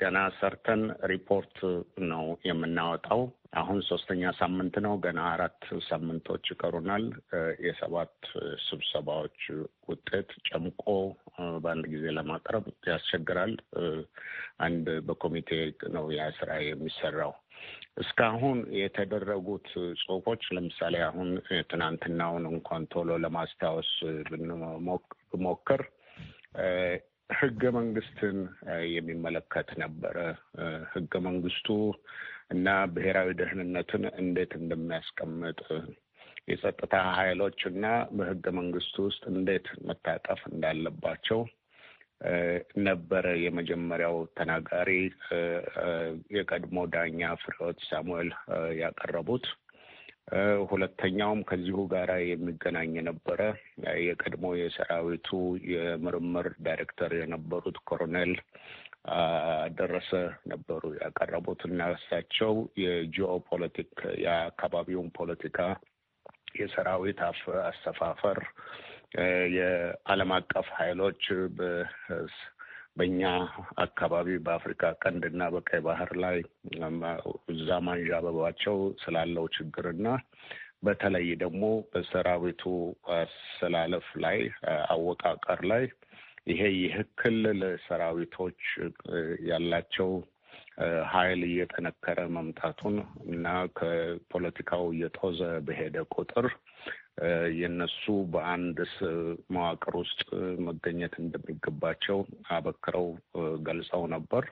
ገና ሰርተን ሪፖርት ነው የምናወጣው። አሁን ሶስተኛ ሳምንት ነው። ገና አራት ሳምንቶች ይቀሩናል። የሰባት ስብሰባዎች ውጤት ጨምቆ በአንድ ጊዜ ለማቅረብ ያስቸግራል። አንድ በኮሚቴ ነው ያ ስራ የሚሰራው። እስካሁን የተደረጉት ጽሁፎች ለምሳሌ አሁን ትናንትናውን እንኳን ቶሎ ለማስታወስ ብንሞክር ህገ መንግስትን የሚመለከት ነበረ። ህገ መንግስቱ እና ብሔራዊ ደህንነትን እንዴት እንደሚያስቀምጥ የጸጥታ ኃይሎች እና በህገ መንግስቱ ውስጥ እንዴት መታቀፍ እንዳለባቸው ነበረ የመጀመሪያው ተናጋሪ የቀድሞ ዳኛ ፍሬወት ሳሙኤል ያቀረቡት። ሁለተኛውም ከዚሁ ጋር የሚገናኝ የነበረ የቀድሞ የሰራዊቱ የምርምር ዳይሬክተር የነበሩት ኮሎኔል ደረሰ ነበሩ ያቀረቡት እና እሳቸው የጂኦ ፖለቲክ የአካባቢውን ፖለቲካ የሰራዊት አሰፋፈር የዓለም አቀፍ ኃይሎች በእኛ አካባቢ በአፍሪካ ቀንድና በቀይ ባህር ላይ እዛ አበባቸው ስላለው ችግርና በተለይ ደግሞ በሰራዊቱ አሰላለፍ ላይ አወቃቀር ላይ ይሄ ይህ ክልል ሰራዊቶች ያላቸው ኃይል እየጠነከረ መምጣቱን እና ከፖለቲካው እየጦዘ በሄደ ቁጥር የነሱ በአንድ መዋቅር ውስጥ መገኘት እንደሚገባቸው አበክረው ገልጸው ነበር።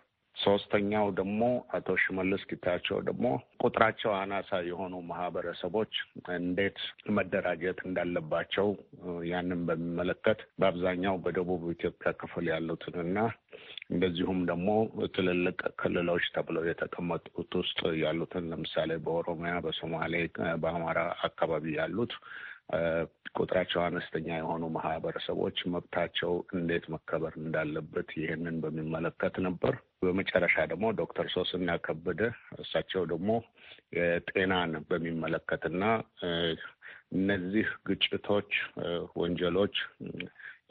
ሶስተኛው ደግሞ አቶ ሽመልስ ጌታቸው ደግሞ ቁጥራቸው አናሳ የሆኑ ማህበረሰቦች እንዴት መደራጀት እንዳለባቸው ያንን በሚመለከት በአብዛኛው በደቡብ ኢትዮጵያ ክፍል ያሉትንና እንደዚሁም ደግሞ ትልልቅ ክልሎች ተብለው የተቀመጡት ውስጥ ያሉትን ለምሳሌ በኦሮሚያ፣ በሶማሌ፣ በአማራ አካባቢ ያሉት ቁጥራቸው አነስተኛ የሆኑ ማህበረሰቦች መብታቸው እንዴት መከበር እንዳለበት ይህንን በሚመለከት ነበር። በመጨረሻ ደግሞ ዶክተር ሶስና ከበደ እሳቸው ደግሞ ጤናን በሚመለከትና እነዚህ ግጭቶች፣ ወንጀሎች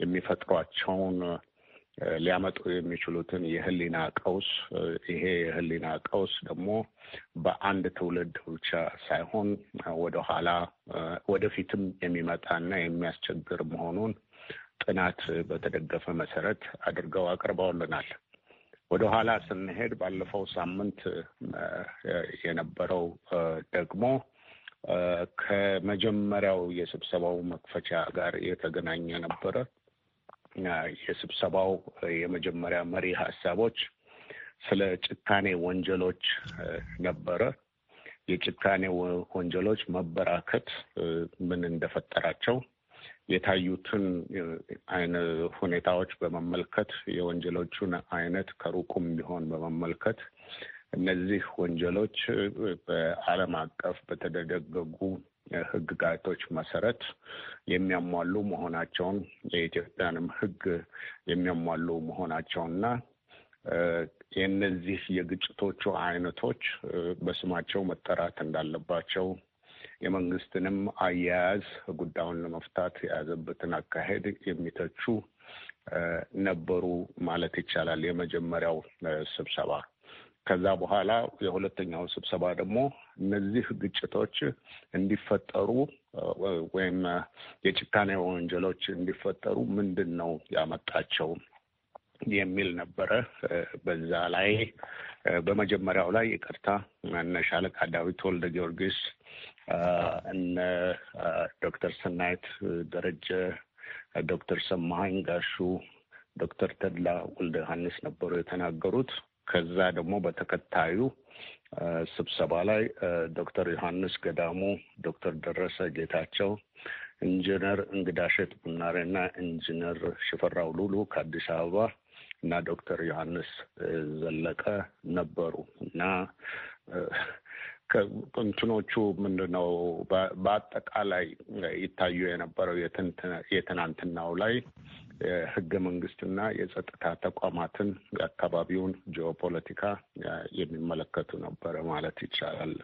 የሚፈጥሯቸውን ሊያመጡ የሚችሉትን የህሊና ቀውስ ይሄ የህሊና ቀውስ ደግሞ በአንድ ትውልድ ብቻ ሳይሆን ወደኋላ ወደፊትም የሚመጣና የሚያስቸግር መሆኑን ጥናት በተደገፈ መሰረት አድርገው አቅርበውልናል። ወደኋላ ስንሄድ ባለፈው ሳምንት የነበረው ደግሞ ከመጀመሪያው የስብሰባው መክፈቻ ጋር የተገናኘ ነበረ። የስብሰባው የመጀመሪያ መሪ ሀሳቦች ስለ ጭካኔ ወንጀሎች ነበረ። የጭካኔ ወንጀሎች መበራከት ምን እንደፈጠራቸው የታዩትን አይነ ሁኔታዎች በመመልከት የወንጀሎቹን አይነት ከሩቁም ቢሆን በመመልከት እነዚህ ወንጀሎች በዓለም አቀፍ በተደነገጉ ህግጋቶች መሰረት የሚያሟሉ መሆናቸውን የኢትዮጵያንም ህግ የሚያሟሉ መሆናቸውና የእነዚህ የግጭቶቹ አይነቶች በስማቸው መጠራት እንዳለባቸው የመንግስትንም አያያዝ ጉዳዩን ለመፍታት የያዘበትን አካሄድ የሚተቹ ነበሩ ማለት ይቻላል። የመጀመሪያው ስብሰባ ከዛ በኋላ የሁለተኛው ስብሰባ ደግሞ እነዚህ ግጭቶች እንዲፈጠሩ ወይም የጭካኔ ወንጀሎች እንዲፈጠሩ ምንድን ነው ያመጣቸው የሚል ነበረ። በዛ ላይ በመጀመሪያው ላይ ይቅርታ እነ ሻለቃ ዳዊት ወልደ ጊዮርጊስ እነ ዶክተር ሰናይት ደረጀ፣ ዶክተር ሰማሀኝ ጋሹ፣ ዶክተር ተድላ ወልደ ዮሐንስ ነበሩ የተናገሩት። ከዛ ደግሞ በተከታዩ ስብሰባ ላይ ዶክተር ዮሐንስ ገዳሙ፣ ዶክተር ደረሰ ጌታቸው፣ ኢንጂነር እንግዳሸት እና ኢንጂነር ሽፈራው ሉሉ ከአዲስ አበባ እና ዶክተር ዮሐንስ ዘለቀ ነበሩ እና ከእንትኖቹ ምንድነው በአጠቃላይ ይታዩ የነበረው የትናንትናው ላይ የህገ መንግስትና የጸጥታ ተቋማትን የአካባቢውን ጂኦፖለቲካ የሚመለከቱ ነበረ ማለት ይቻላል።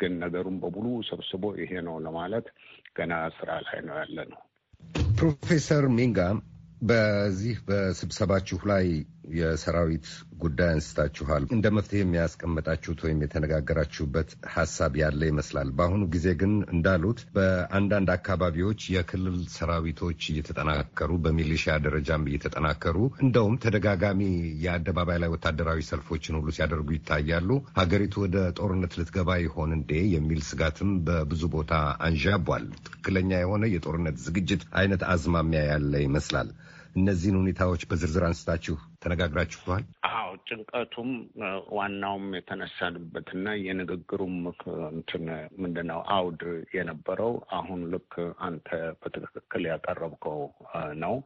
ግን ነገሩን በሙሉ ሰብስቦ ይሄ ነው ለማለት ገና ስራ ላይ ነው ያለ ነው። ፕሮፌሰር ሚንጋ በዚህ በስብሰባችሁ ላይ የሰራዊት ጉዳይ አንስታችኋል። እንደ መፍትሄ የሚያስቀመጣችሁት ወይም የተነጋገራችሁበት ሀሳብ ያለ ይመስላል። በአሁኑ ጊዜ ግን እንዳሉት በአንዳንድ አካባቢዎች የክልል ሰራዊቶች እየተጠናከሩ በሚሊሻ ደረጃም እየተጠናከሩ እንደውም ተደጋጋሚ የአደባባይ ላይ ወታደራዊ ሰልፎችን ሁሉ ሲያደርጉ ይታያሉ። ሀገሪቱ ወደ ጦርነት ልትገባ ይሆን እንዴ የሚል ስጋትም በብዙ ቦታ አንዣቧል። ትክክለኛ የሆነ የጦርነት ዝግጅት አይነት አዝማሚያ ያለ ይመስላል። እነዚህን ሁኔታዎች በዝርዝር አንስታችሁ ተነጋግራችኋል? አዎ፣ ጭንቀቱም ዋናውም የተነሳንበትና የንግግሩም እንትን ምንድነው አውድ የነበረው አሁን ልክ አንተ በትክክል ያቀረብከው ነው።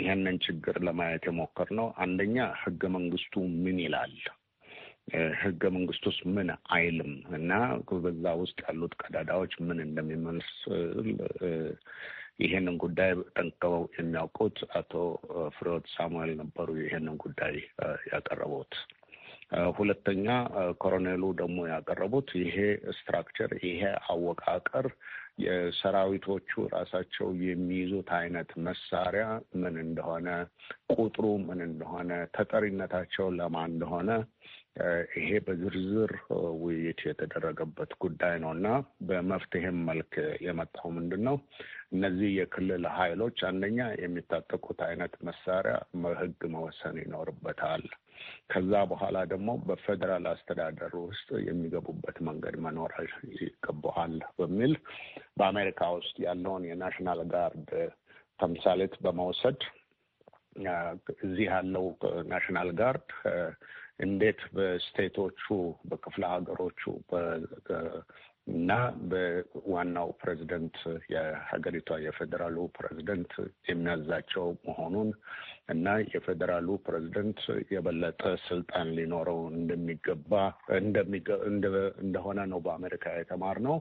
ይህንን ችግር ለማየት የሞከርነው አንደኛ ህገ መንግስቱ ምን ይላል ህገ መንግስቱስ ምን አይልም እና በዛ ውስጥ ያሉት ቀዳዳዎች ምን እንደሚመስል ይህንን ጉዳይ ጠንቅቀው የሚያውቁት አቶ ፍሬወት ሳሙኤል ነበሩ ይህንን ጉዳይ ያቀረቡት። ሁለተኛ ኮሎኔሉ ደግሞ ያቀረቡት ይሄ ስትራክቸር ይሄ አወቃቀር የሰራዊቶቹ ራሳቸው የሚይዙት አይነት መሳሪያ ምን እንደሆነ፣ ቁጥሩ ምን እንደሆነ፣ ተጠሪነታቸው ለማን እንደሆነ ይሄ በዝርዝር ውይይት የተደረገበት ጉዳይ ነው እና በመፍትሄም መልክ የመጣው ምንድን ነው እነዚህ የክልል ኃይሎች አንደኛ የሚታጠቁት አይነት መሳሪያ ህግ መወሰን ይኖርበታል። ከዛ በኋላ ደግሞ በፌዴራል አስተዳደር ውስጥ የሚገቡበት መንገድ መኖር ይገባሃል በሚል በአሜሪካ ውስጥ ያለውን የናሽናል ጋርድ ተምሳሌት በመውሰድ እዚህ ያለው ናሽናል ጋርድ እንዴት በስቴቶቹ በክፍለ ሀገሮቹ እና በዋናው ፕሬዚደንት የሀገሪቷ የፌዴራሉ ፕሬዚደንት የሚያዛቸው መሆኑን እና የፌዴራሉ ፕሬዚደንት የበለጠ ስልጣን ሊኖረው እንደሚገባ እንደሆነ ነው በአሜሪካ የተማርነው።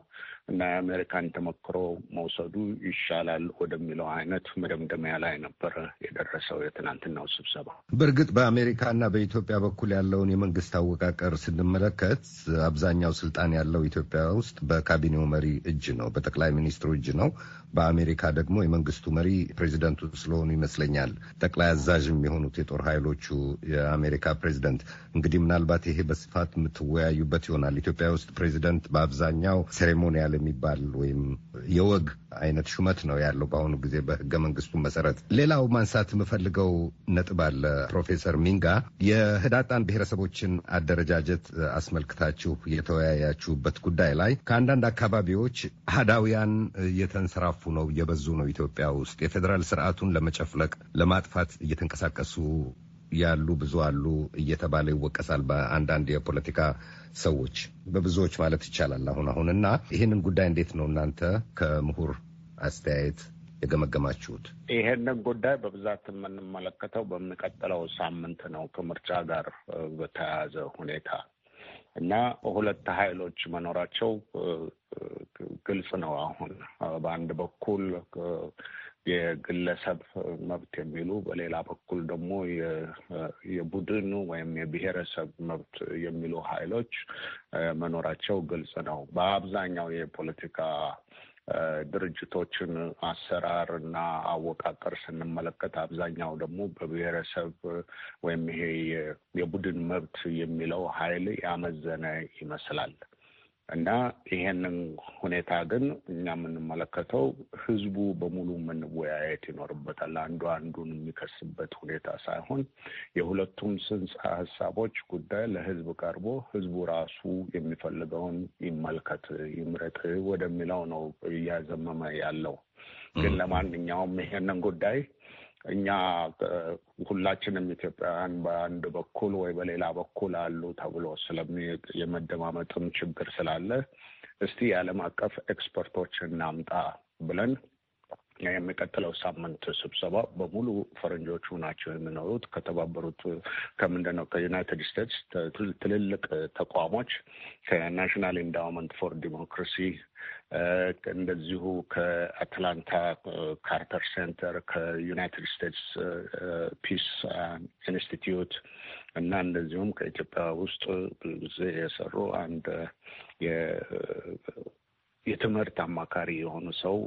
እና የአሜሪካን ተሞክሮ መውሰዱ ይሻላል ወደሚለው አይነት መደምደሚያ ላይ ነበረ የደረሰው የትናንትናው ስብሰባ። በእርግጥ በአሜሪካና በኢትዮጵያ በኩል ያለውን የመንግስት አወቃቀር ስንመለከት አብዛኛው ስልጣን ያለው ኢትዮጵያ ውስጥ በካቢኔው መሪ እጅ ነው፣ በጠቅላይ ሚኒስትሩ እጅ ነው። በአሜሪካ ደግሞ የመንግስቱ መሪ ፕሬዚደንቱ ስለሆኑ ይመስለኛል ጠቅላይ አዛዥም የሆኑት የጦር ኃይሎቹ የአሜሪካ ፕሬዚደንት። እንግዲህ ምናልባት ይሄ በስፋት የምትወያዩበት ይሆናል። ኢትዮጵያ ውስጥ ፕሬዚደንት በአብዛኛው ሴሬሞኒያል የሚባል ወይም የወግ አይነት ሹመት ነው ያለው በአሁኑ ጊዜ በህገ መንግስቱ መሰረት። ሌላው ማንሳት የምፈልገው ነጥብ አለ። ፕሮፌሰር ሚንጋ የህዳጣን ብሔረሰቦችን አደረጃጀት አስመልክታችሁ የተወያያችሁበት ጉዳይ ላይ ከአንዳንድ አካባቢዎች አህዳውያን እየተንሰራፉ ነው፣ እየበዙ ነው ኢትዮጵያ ውስጥ የፌዴራል ስርዓቱን ለመጨፍለቅ ለማጥፋት እየተንቀሳቀሱ ያሉ ብዙ አሉ እየተባለ ይወቀሳል በአንዳንድ የፖለቲካ ሰዎች በብዙዎች ማለት ይቻላል አሁን አሁን እና ይህንን ጉዳይ እንዴት ነው እናንተ ከምሁር አስተያየት የገመገማችሁት? ይሄንን ጉዳይ በብዛት የምንመለከተው በሚቀጥለው ሳምንት ነው ከምርጫ ጋር በተያያዘ ሁኔታ እና ሁለት ኃይሎች መኖራቸው ግልጽ ነው። አሁን በአንድ በኩል የግለሰብ መብት የሚሉ በሌላ በኩል ደግሞ የቡድን ወይም የብሔረሰብ መብት የሚሉ ኃይሎች መኖራቸው ግልጽ ነው። በአብዛኛው የፖለቲካ ድርጅቶችን አሰራር እና አወቃቀር ስንመለከት አብዛኛው ደግሞ በብሔረሰብ ወይም ይሄ የቡድን መብት የሚለው ኃይል ያመዘነ ይመስላል። እና ይሄንን ሁኔታ ግን እኛ የምንመለከተው ህዝቡ በሙሉ መወያየት ይኖርበታል። አንዱ አንዱን የሚከስበት ሁኔታ ሳይሆን የሁለቱም ጽንሰ ሀሳቦች ጉዳይ ለህዝብ ቀርቦ ህዝቡ ራሱ የሚፈልገውን ይመልከት፣ ይምረጥ ወደሚለው ነው እያዘመመ ያለው። ግን ለማንኛውም ይሄንን ጉዳይ እኛ ሁላችንም ኢትዮጵያውያን በአንድ በኩል ወይ በሌላ በኩል አሉ ተብሎ ስለሚ የመደማመጥም ችግር ስላለ እስቲ የዓለም አቀፍ ኤክስፐርቶች እናምጣ ብለን የሚቀጥለው ሳምንት ስብሰባ በሙሉ ፈረንጆቹ ናቸው የሚኖሩት። ከተባበሩት ከምንድን ነው ከዩናይትድ ስቴትስ ትልልቅ ተቋሞች ከናሽናል ኢንዳውመንት ፎር ዲሞክራሲ እንደዚሁ ከአትላንታ ካርተር ሴንተር፣ ከዩናይትድ ስቴትስ ፒስ ኢንስቲትዩት እና እንደዚሁም ከኢትዮጵያ ውስጥ ብዙ ጊዜ የሰሩ አንድ የትምህርት አማካሪ የሆኑ ሰው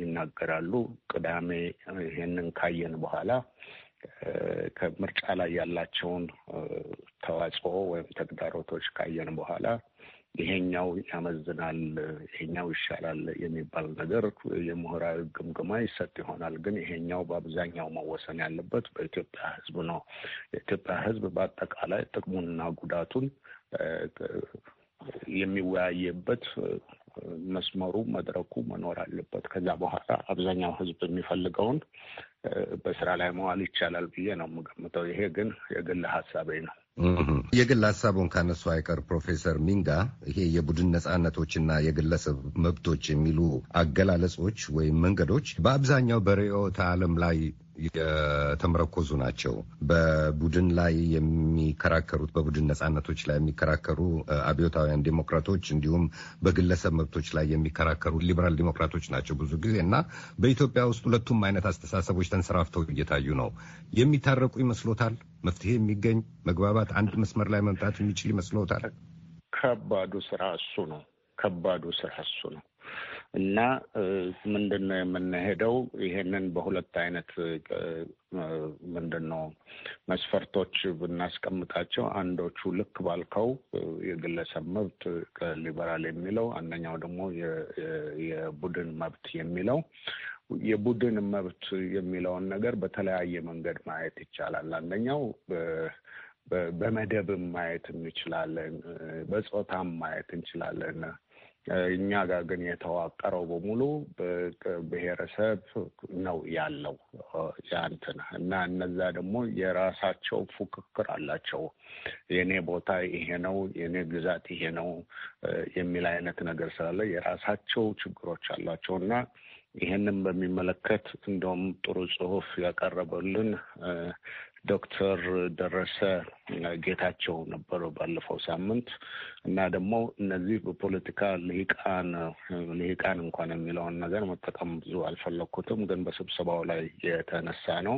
ይናገራሉ። ቅዳሜ ይሄንን ካየን በኋላ ከምርጫ ላይ ያላቸውን ተዋጽኦ ወይም ተግዳሮቶች ካየን በኋላ ይሄኛው ያመዝናል፣ ይሄኛው ይሻላል የሚባል ነገር የምሁራዊ ግምገማ ይሰጥ ይሆናል። ግን ይሄኛው በአብዛኛው መወሰን ያለበት በኢትዮጵያ ሕዝብ ነው። የኢትዮጵያ ሕዝብ በአጠቃላይ ጥቅሙንና ጉዳቱን የሚወያየበት መስመሩ መድረኩ መኖር አለበት። ከዛ በኋላ አብዛኛው ህዝብ የሚፈልገውን በስራ ላይ መዋል ይቻላል ብዬ ነው የምገምተው። ይሄ ግን የግል ሀሳቤ ነው። የግል ሀሳቡን ካነሱ አይቀር ፕሮፌሰር ሚንጋ ይሄ የቡድን ነጻነቶችና የግለሰብ መብቶች የሚሉ አገላለጾች ወይም መንገዶች በአብዛኛው በርዕዮተ ዓለም ላይ የተመረኮዙ ናቸው። በቡድን ላይ የሚከራከሩት በቡድን ነጻነቶች ላይ የሚከራከሩ አብዮታውያን ዴሞክራቶች፣ እንዲሁም በግለሰብ መብቶች ላይ የሚከራከሩ ሊበራል ዴሞክራቶች ናቸው ብዙ ጊዜ እና በኢትዮጵያ ውስጥ ሁለቱም አይነት አስተሳሰቦች ተንሰራፍተው እየታዩ ነው። የሚታረቁ ይመስሎታል? መፍትሄ የሚገኝ መግባባት፣ አንድ መስመር ላይ መምጣት የሚችል ይመስሎታል? ከባዱ ስራ እሱ ነው። ከባዱ ስራ እሱ ነው። እና ምንድን ነው የምንሄደው? ይሄንን በሁለት አይነት ምንድን ነው መስፈርቶች ብናስቀምጣቸው፣ አንዶቹ ልክ ባልከው የግለሰብ መብት ሊበራል የሚለው፣ አንደኛው ደግሞ የቡድን መብት የሚለው የቡድን መብት የሚለውን ነገር በተለያየ መንገድ ማየት ይቻላል። አንደኛው በመደብም ማየት እንችላለን፣ በጾታም ማየት እንችላለን እኛ ጋር ግን የተዋቀረው በሙሉ ብሔረሰብ ነው ያለው ያንትን እና እነዛ ደግሞ የራሳቸው ፉክክር አላቸው። የኔ ቦታ ይሄ ነው፣ የኔ ግዛት ይሄ ነው የሚል አይነት ነገር ስላለ የራሳቸው ችግሮች አሏቸው እና ይህንም በሚመለከት እንደውም ጥሩ ጽሁፍ ያቀረበልን ዶክተር ደረሰ ጌታቸው ነበሩ ባለፈው ሳምንት እና ደግሞ እነዚህ በፖለቲካ ልሂቃን ልሂቃን እንኳን የሚለውን ነገር መጠቀም ብዙ አልፈለግኩትም፣ ግን በስብሰባው ላይ የተነሳ ነው።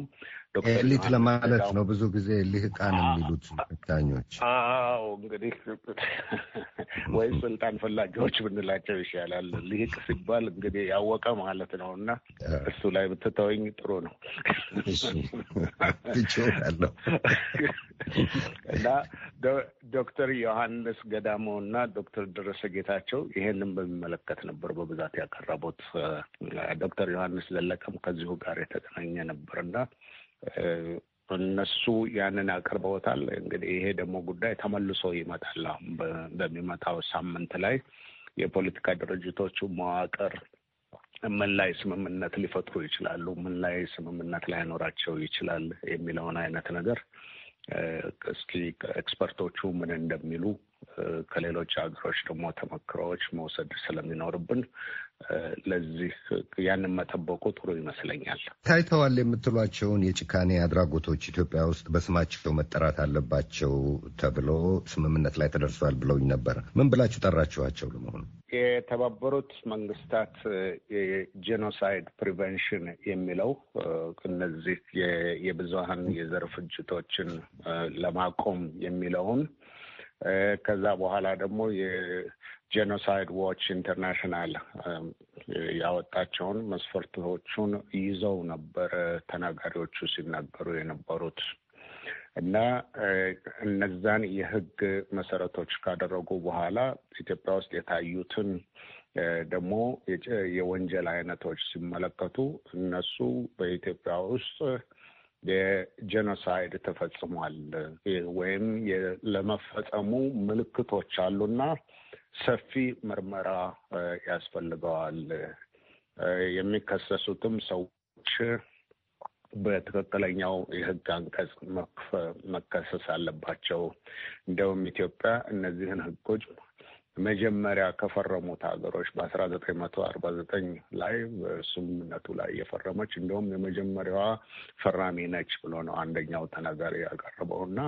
ሊት ለማለት ነው። ብዙ ጊዜ ልህቃን የሚሉት ዳኞች። አዎ እንግዲህ ወይም ስልጣን ፈላጊዎች ብንላቸው ይሻላል። ልህቅ ሲባል እንግዲህ ያወቀ ማለት ነው እና እሱ ላይ ብትተወኝ ጥሩ ነው። ትችላለሁ እና ዶክተር ዮሐንስ ገዳሞ እና ዶክተር ደረሰ ጌታቸው ይሄንን በሚመለከት ነበር በብዛት ያቀረቡት። ዶክተር ዮሐንስ ለለቀም ከዚሁ ጋር የተገናኘ ነበር እና እነሱ ያንን አቅርበውታል። እንግዲህ ይሄ ደግሞ ጉዳይ ተመልሶ ይመጣል። አሁን በሚመጣው ሳምንት ላይ የፖለቲካ ድርጅቶቹ መዋቅር ምን ላይ ስምምነት ሊፈጥሩ ይችላሉ፣ ምን ላይ ስምምነት ላይኖራቸው ይችላል የሚለውን አይነት ነገር እስኪ ኤክስፐርቶቹ ምን እንደሚሉ ከሌሎች ሀገሮች ደግሞ ተመክሮዎች መውሰድ ስለሚኖርብን ለዚህ ያንን መጠበቁ ጥሩ ይመስለኛል። ታይተዋል የምትሏቸውን የጭካኔ አድራጎቶች ኢትዮጵያ ውስጥ በስማቸው መጠራት አለባቸው ተብሎ ስምምነት ላይ ተደርሷል ብለውኝ ነበር። ምን ብላችሁ ጠራችኋቸው? ለመሆኑ የተባበሩት መንግስታት የጄኖሳይድ ፕሪቨንሽን የሚለው እነዚህ የብዙሀን የዘር ፍጅቶችን ለማቆም የሚለውን ከዛ በኋላ ደግሞ ጄኖሳይድ ዎች ኢንተርናሽናል ያወጣቸውን መስፈርቶቹን ይዘው ነበር ተናጋሪዎቹ ሲናገሩ የነበሩት እና እነዛን የህግ መሰረቶች ካደረጉ በኋላ ኢትዮጵያ ውስጥ የታዩትን ደግሞ የወንጀል አይነቶች ሲመለከቱ እነሱ በኢትዮጵያ ውስጥ የጀኖሳይድ ተፈጽሟል ወይም ለመፈጸሙ ምልክቶች አሉና ሰፊ ምርመራ ያስፈልገዋል። የሚከሰሱትም ሰዎች በትክክለኛው የሕግ አንቀጽ መከሰስ አለባቸው። እንደውም ኢትዮጵያ እነዚህን ሕጎች መጀመሪያ ከፈረሙት ሀገሮች በአስራ ዘጠኝ መቶ አርባ ዘጠኝ ላይ ስምምነቱ ላይ የፈረመች እንደውም የመጀመሪያዋ ፈራሚ ነች ብሎ ነው አንደኛው ተናጋሪ ያቀረበው እና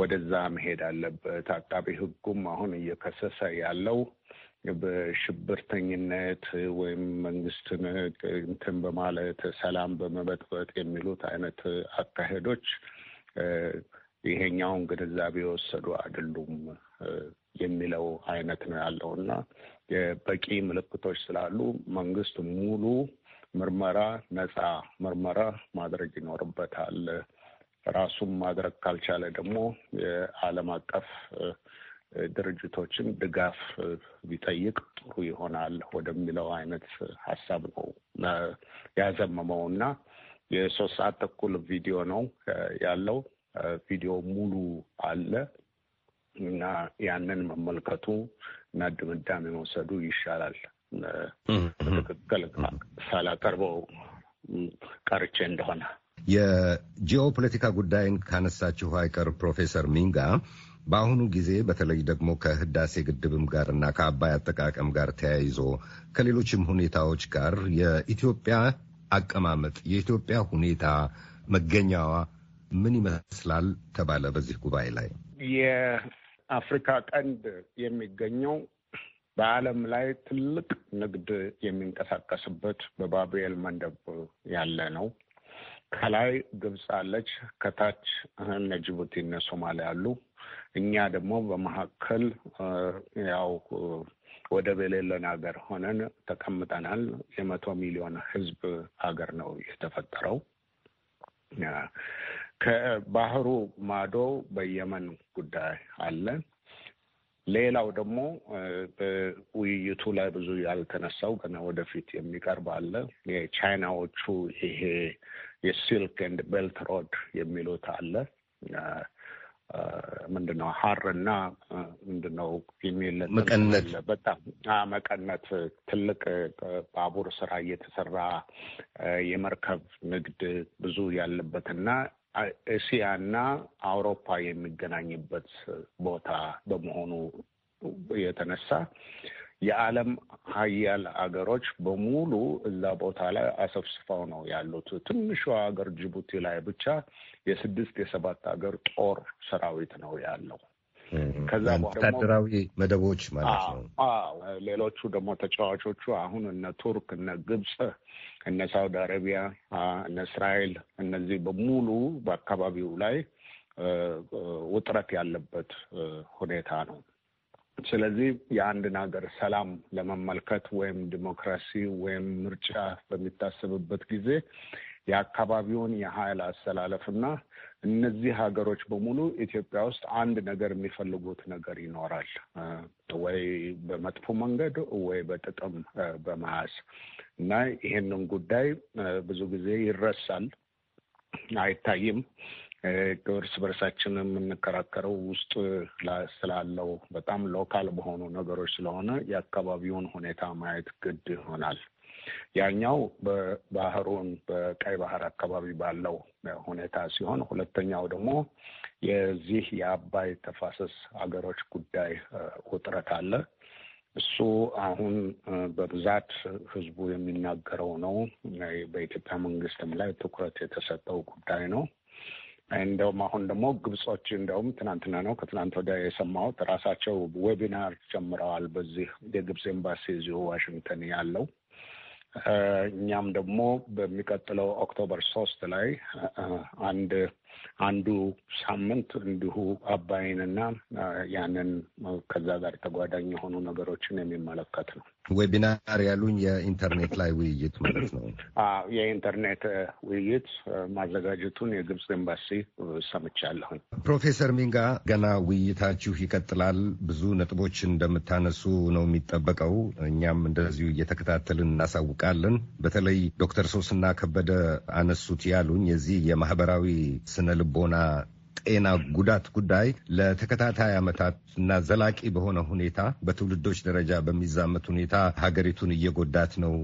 ወደዛ መሄድ አለበት። አቃቢ ሕጉም አሁን እየከሰሰ ያለው በሽብርተኝነት ወይም መንግስትን እንትን በማለት ሰላም በመበጥበጥ የሚሉት አይነት አካሄዶች ይሄኛውን ግንዛቤ የወሰዱ አይደሉም የሚለው አይነት ነው ያለው እና የበቂ ምልክቶች ስላሉ መንግስት ሙሉ ምርመራ፣ ነፃ ምርመራ ማድረግ ይኖርበታል። ራሱም ማድረግ ካልቻለ ደግሞ የዓለም አቀፍ ድርጅቶችን ድጋፍ ቢጠይቅ ጥሩ ይሆናል ወደሚለው አይነት ሀሳብ ነው ያዘመመው እና የሶስት ሰዓት ተኩል ቪዲዮ ነው ያለው። ቪዲዮ ሙሉ አለ። እና ያንን መመልከቱ እና ድምዳሜ መውሰዱ ይሻላል። በትክክል ሳላቀርበው ቀርቼ እንደሆነ የጂኦፖለቲካ ጉዳይን ካነሳችሁ አይቀር ፕሮፌሰር ሚንጋ በአሁኑ ጊዜ በተለይ ደግሞ ከህዳሴ ግድብም ጋር እና ከአባይ አጠቃቀም ጋር ተያይዞ ከሌሎችም ሁኔታዎች ጋር የኢትዮጵያ አቀማመጥ የኢትዮጵያ ሁኔታ መገኛዋ ምን ይመስላል ተባለ በዚህ ጉባኤ ላይ አፍሪካ ቀንድ የሚገኘው በዓለም ላይ ትልቅ ንግድ የሚንቀሳቀስበት በባብኤል መንደብ ያለ ነው። ከላይ ግብፅ አለች፣ ከታች እነ ጅቡቲ እነ ሶማሊያ አሉ። እኛ ደግሞ በመካከል ያው ወደብ የሌለን ሀገር ሆነን ተቀምጠናል። የመቶ ሚሊዮን ህዝብ ሀገር ነው የተፈጠረው። ከባህሩ ማዶ በየመን ጉዳይ አለ። ሌላው ደግሞ ውይይቱ ላይ ብዙ ያልተነሳው ገና ወደፊት የሚቀርብ አለ። የቻይናዎቹ ይሄ የሲልክ ኤንድ ቤልት ሮድ የሚሉት አለ። ምንድነው ሀር እና ምንድነው የሚል መቀነት በጣም መቀነት ትልቅ ባቡር ስራ እየተሰራ የመርከብ ንግድ ብዙ ያለበት እና እስያና አውሮፓ የሚገናኝበት ቦታ በመሆኑ የተነሳ የዓለም ሀያል አገሮች በሙሉ እዛ ቦታ ላይ አሰብስፈው ነው ያሉት። ትንሹ ሀገር ጅቡቲ ላይ ብቻ የስድስት የሰባት ሀገር ጦር ሰራዊት ነው ያለው። ከዛ ወታደራዊ መደቦች ማለት ነው። ሌሎቹ ደግሞ ተጫዋቾቹ አሁን እነ ቱርክ፣ እነ ግብፅ፣ እነ ሳውዲ አረቢያ፣ እነ እስራኤል እነዚህ በሙሉ በአካባቢው ላይ ውጥረት ያለበት ሁኔታ ነው። ስለዚህ የአንድን ሀገር ሰላም ለመመልከት ወይም ዲሞክራሲ ወይም ምርጫ በሚታሰብበት ጊዜ የአካባቢውን የኃይል አሰላለፍና እነዚህ ሀገሮች በሙሉ ኢትዮጵያ ውስጥ አንድ ነገር የሚፈልጉት ነገር ይኖራል፣ ወይ በመጥፎ መንገድ ወይ በጥቅም በመያዝ እና ይሄንን ጉዳይ ብዙ ጊዜ ይረሳል፣ አይታይም። እርስ በርሳችን የምንከራከረው ውስጥ ስላለው በጣም ሎካል በሆኑ ነገሮች ስለሆነ የአካባቢውን ሁኔታ ማየት ግድ ይሆናል። ያኛው በባህሩን በቀይ ባህር አካባቢ ባለው ሁኔታ ሲሆን ሁለተኛው ደግሞ የዚህ የአባይ ተፋሰስ አገሮች ጉዳይ ውጥረት አለ። እሱ አሁን በብዛት ህዝቡ የሚናገረው ነው። በኢትዮጵያ መንግስትም ላይ ትኩረት የተሰጠው ጉዳይ ነው። እንደውም አሁን ደግሞ ግብጾች እንደውም ትናንትና ነው ከትናንት ወዲያ የሰማሁት ራሳቸው ዌቢናር ጀምረዋል። በዚህ የግብጽ ኤምባሲ እዚሁ ዋሽንግተን ያለው እኛም ደግሞ በሚቀጥለው ኦክቶበር ሶስት ላይ አንድ አንዱ ሳምንት እንዲሁ አባይንና ያንን ከዛ ጋር ተጓዳኝ የሆኑ ነገሮችን የሚመለከት ነው። ዌቢናር ያሉኝ የኢንተርኔት ላይ ውይይት ማለት ነው። የኢንተርኔት ውይይት ማዘጋጀቱን የግብፅ ኤምባሲ ሰምቻለሁን። ፕሮፌሰር ሚንጋ ገና ውይይታችሁ ይቀጥላል። ብዙ ነጥቦች እንደምታነሱ ነው የሚጠበቀው። እኛም እንደዚሁ እየተከታተልን እናሳውቃለን። በተለይ ዶክተር ሶስና ከበደ አነሱት ያሉኝ የዚህ የማህበራዊ ስነ የስነ ልቦና ጤና ጉዳት ጉዳይ ለተከታታይ ዓመታት እና ዘላቂ በሆነ ሁኔታ በትውልዶች ደረጃ በሚዛመት ሁኔታ ሀገሪቱን እየጎዳት ነው።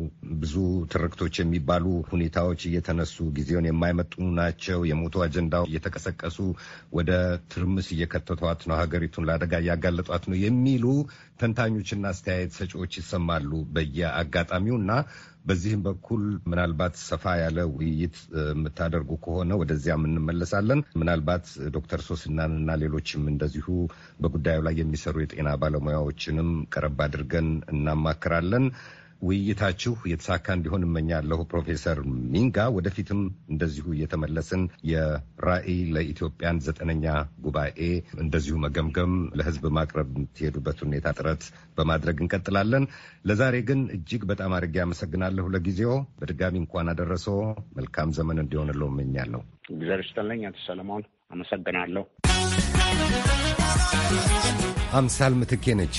ብዙ ትርክቶች የሚባሉ ሁኔታዎች እየተነሱ ጊዜውን የማይመጡ ናቸው። የሞቱ አጀንዳው እየተቀሰቀሱ ወደ ትርምስ እየከተቷት ነው፣ ሀገሪቱን ለአደጋ እያጋለጧት ነው የሚሉ ተንታኞችና አስተያየት ሰጪዎች ይሰማሉ በየአጋጣሚው እና በዚህም በኩል ምናልባት ሰፋ ያለ ውይይት የምታደርጉ ከሆነ ወደዚያም እንመለሳለን። ምናልባት ዶክተር ሶስናን እና ሌሎችም እንደዚሁ በጉዳዩ ላይ የሚሰሩ የጤና ባለሙያዎችንም ቀረብ አድርገን እናማክራለን። ውይይታችሁ የተሳካ እንዲሆን እመኛለሁ። ፕሮፌሰር ሚንጋ ወደፊትም እንደዚሁ እየተመለስን የራዕይ ለኢትዮጵያን ዘጠነኛ ጉባኤ እንደዚሁ መገምገም፣ ለህዝብ ማቅረብ የምትሄዱበት ሁኔታ ጥረት በማድረግ እንቀጥላለን። ለዛሬ ግን እጅግ በጣም አድርጌ አመሰግናለሁ። ለጊዜው በድጋሚ እንኳን አደረሶ መልካም ዘመን እንዲሆንለው እመኛለሁ። እግዚአብሔር ይስጥልኝ። አቶ ሰለሞን አመሰግናለሁ። አምሳል ምትኬ ነች።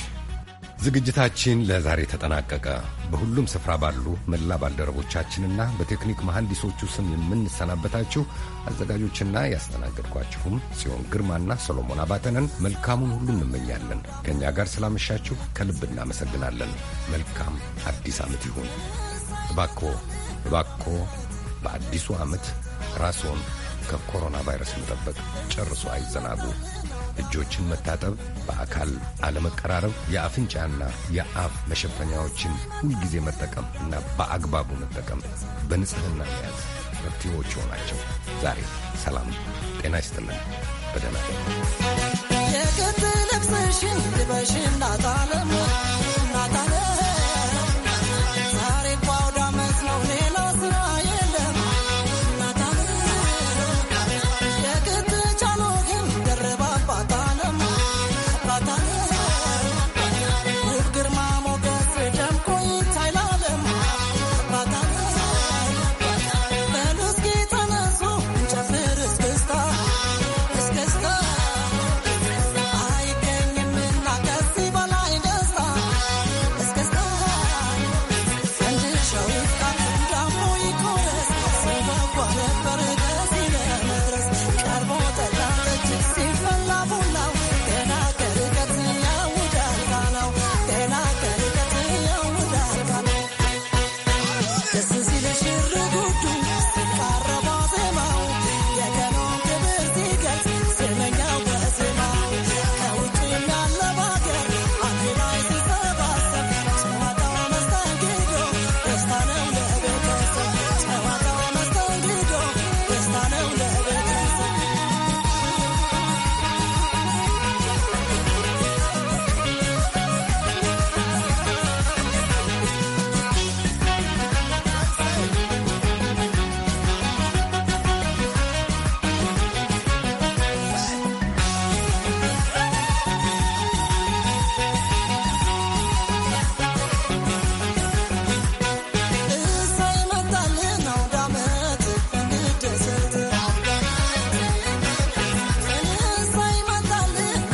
ዝግጅታችን ለዛሬ ተጠናቀቀ። በሁሉም ስፍራ ባሉ መላ ባልደረቦቻችንና በቴክኒክ መሐንዲሶቹ ስም የምንሰናበታችሁ አዘጋጆችና ያስተናገድኳችሁም ጽዮን ግርማና ሰሎሞን አባተንን መልካሙን ሁሉ እንመኛለን። ከእኛ ጋር ስላመሻችሁ ከልብ እናመሰግናለን። መልካም አዲስ ዓመት ይሁን። እባኮ እባኮ በአዲሱ ዓመት ራስዎን ከኮሮና ቫይረስ መጠበቅ ጨርሶ አይዘናጉ። እጆችን መታጠብ፣ በአካል አለመቀራረብ፣ የአፍንጫና የአፍ መሸፈኛዎችን ሁልጊዜ መጠቀም እና በአግባቡ መጠቀም በንጽህና መያዝ መፍትሄዎቹ ሆናቸው። ዛሬ ሰላም ጤና ይስጥልን። በደህና